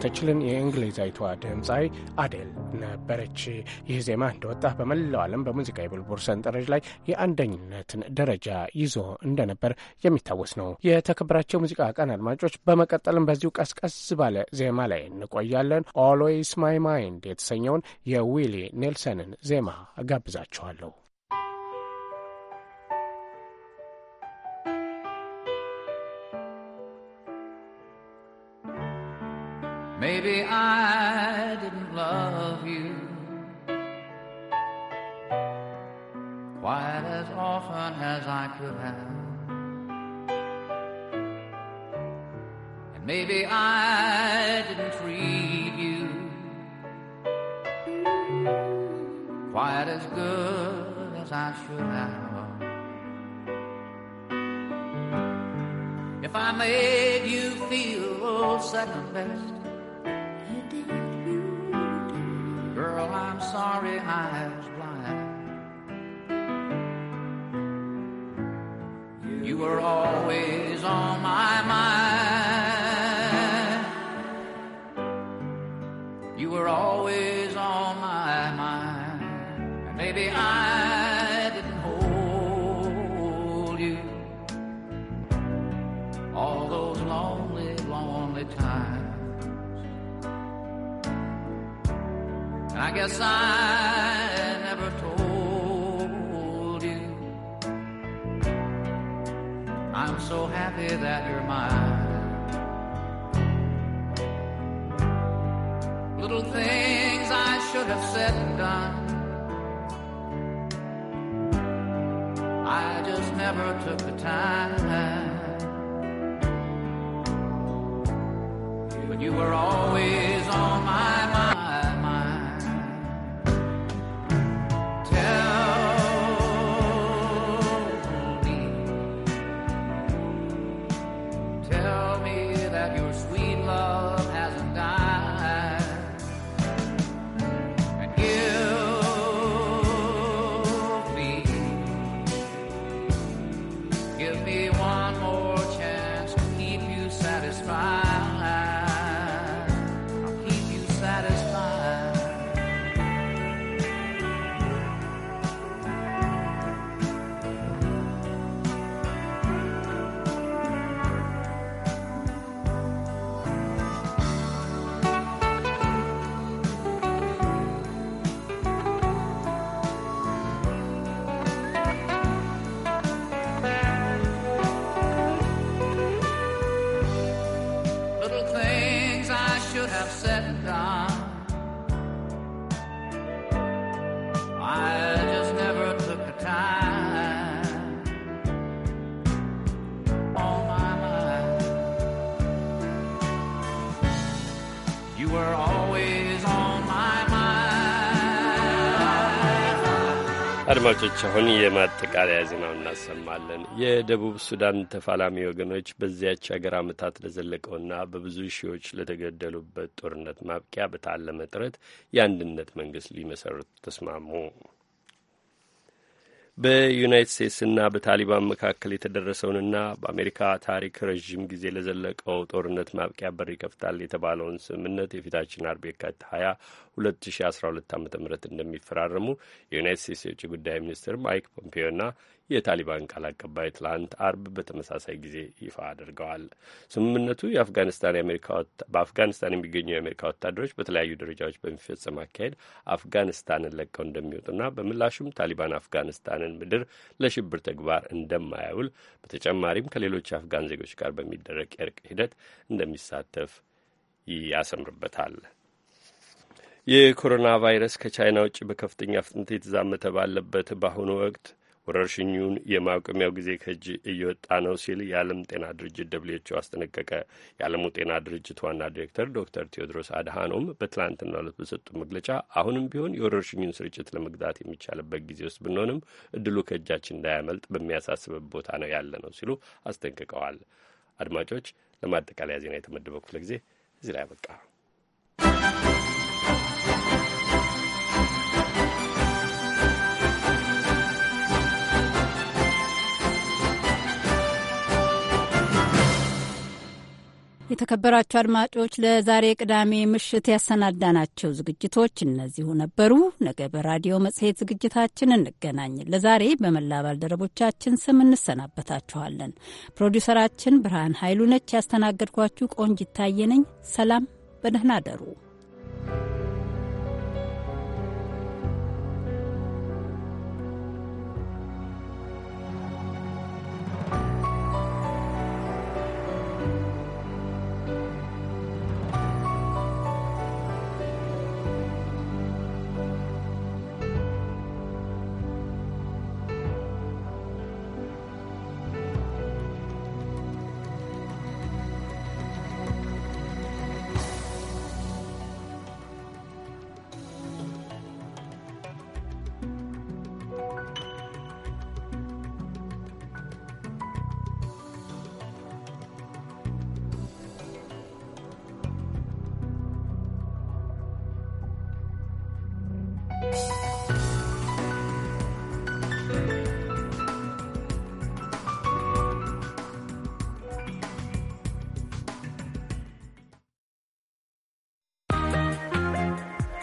የእንግሊዝ የእንግሊዛዊቷ ድምፃዊ አዴል ነበረች። ይህ ዜማ እንደወጣ በመላው ዓለም በሙዚቃ የብልቦር ሰንጠረዥ ላይ የአንደኝነትን ደረጃ ይዞ እንደነበር የሚታወስ ነው። የተከበራቸው የሙዚቃ ቀን አድማጮች፣ በመቀጠልም በዚሁ ቀስቀስ ባለ ዜማ ላይ እንቆያለን። ኦልዌይስ ማይ ማይንድ የተሰኘውን የዊሊ ኔልሰንን ዜማ ጋብዛቸዋለሁ። Maybe I didn't love you quite as often as I could have. And maybe I didn't treat you quite as good as I should have. If I made you feel second best sorry I was blind. You were always guess I never told you. I'm so happy that you're mine. Little things I should have said and done. I just never took the time. But you were always አድማጮች አሁን የማጠቃለያ ዜናው እናሰማለን። የደቡብ ሱዳን ተፋላሚ ወገኖች በዚያች ሀገር ዓመታት ለዘለቀውና በብዙ ሺዎች ለተገደሉበት ጦርነት ማብቂያ በታለመ ጥረት የአንድነት መንግስት ሊመሰርቱ ተስማሙ። በዩናይት ስቴትስና በታሊባን መካከል የተደረሰውንና በአሜሪካ ታሪክ ረዥም ጊዜ ለዘለቀው ጦርነት ማብቂያ በር ይከፍታል የተባለውን ስምምነት የፊታችን አርብ የካቲት አስራ 2012 ዓ ም እንደሚፈራረሙ የዩናይት ስቴትስ የውጭ ጉዳይ ሚኒስትር ማይክ ፖምፒዮና የታሊባን ቃል አቀባይ ትላንት አርብ በተመሳሳይ ጊዜ ይፋ አድርገዋል። ስምምነቱ በአፍጋኒስታን የሚገኙ የአሜሪካ ወታደሮች በተለያዩ ደረጃዎች በሚፈጸም አካሄድ አፍጋኒስታንን ለቀው እንደሚወጡና በምላሹም ታሊባን አፍጋኒስታንን ምድር ለሽብር ተግባር እንደማያውል በተጨማሪም ከሌሎች የአፍጋን ዜጎች ጋር በሚደረግ የእርቅ ሂደት እንደሚሳተፍ ያሰምርበታል። የኮሮና ቫይረስ ከቻይና ውጭ በከፍተኛ ፍጥነት የተዛመተ ባለበት በአሁኑ ወቅት ወረርሽኙን የማቆሚያው ጊዜ ከእጅ እየወጣ ነው ሲል የዓለም ጤና ድርጅት ደብሊውኤችኦ አስጠነቀቀ። የዓለሙ ጤና ድርጅት ዋና ዲሬክተር ዶክተር ቴዎድሮስ አድሃኖም በትላንትና ዕለት በሰጡ መግለጫ አሁንም ቢሆን የወረርሽኙን ስርጭት ለመግዛት የሚቻልበት ጊዜ ውስጥ ብንሆንም እድሉ ከእጃችን እንዳያመልጥ በሚያሳስበት ቦታ ነው ያለ ነው ሲሉ አስጠንቅቀዋል። አድማጮች፣ ለማጠቃለያ ዜና የተመደበው ክፍለ ጊዜ እዚህ ላይ አበቃ። የተከበራችሁ አድማጮች ለዛሬ ቅዳሜ ምሽት ያሰናዳናቸው ዝግጅቶች እነዚሁ ነበሩ። ነገ በራዲዮ መጽሔት ዝግጅታችን እንገናኝ። ለዛሬ በመላ ባልደረቦቻችን ስም እንሰናበታችኋለን። ፕሮዲውሰራችን ብርሃን ኃይሉ ነች። ያስተናገድኳችሁ ቆንጅ ይታየነኝ። ሰላም፣ በደህና አደሩ።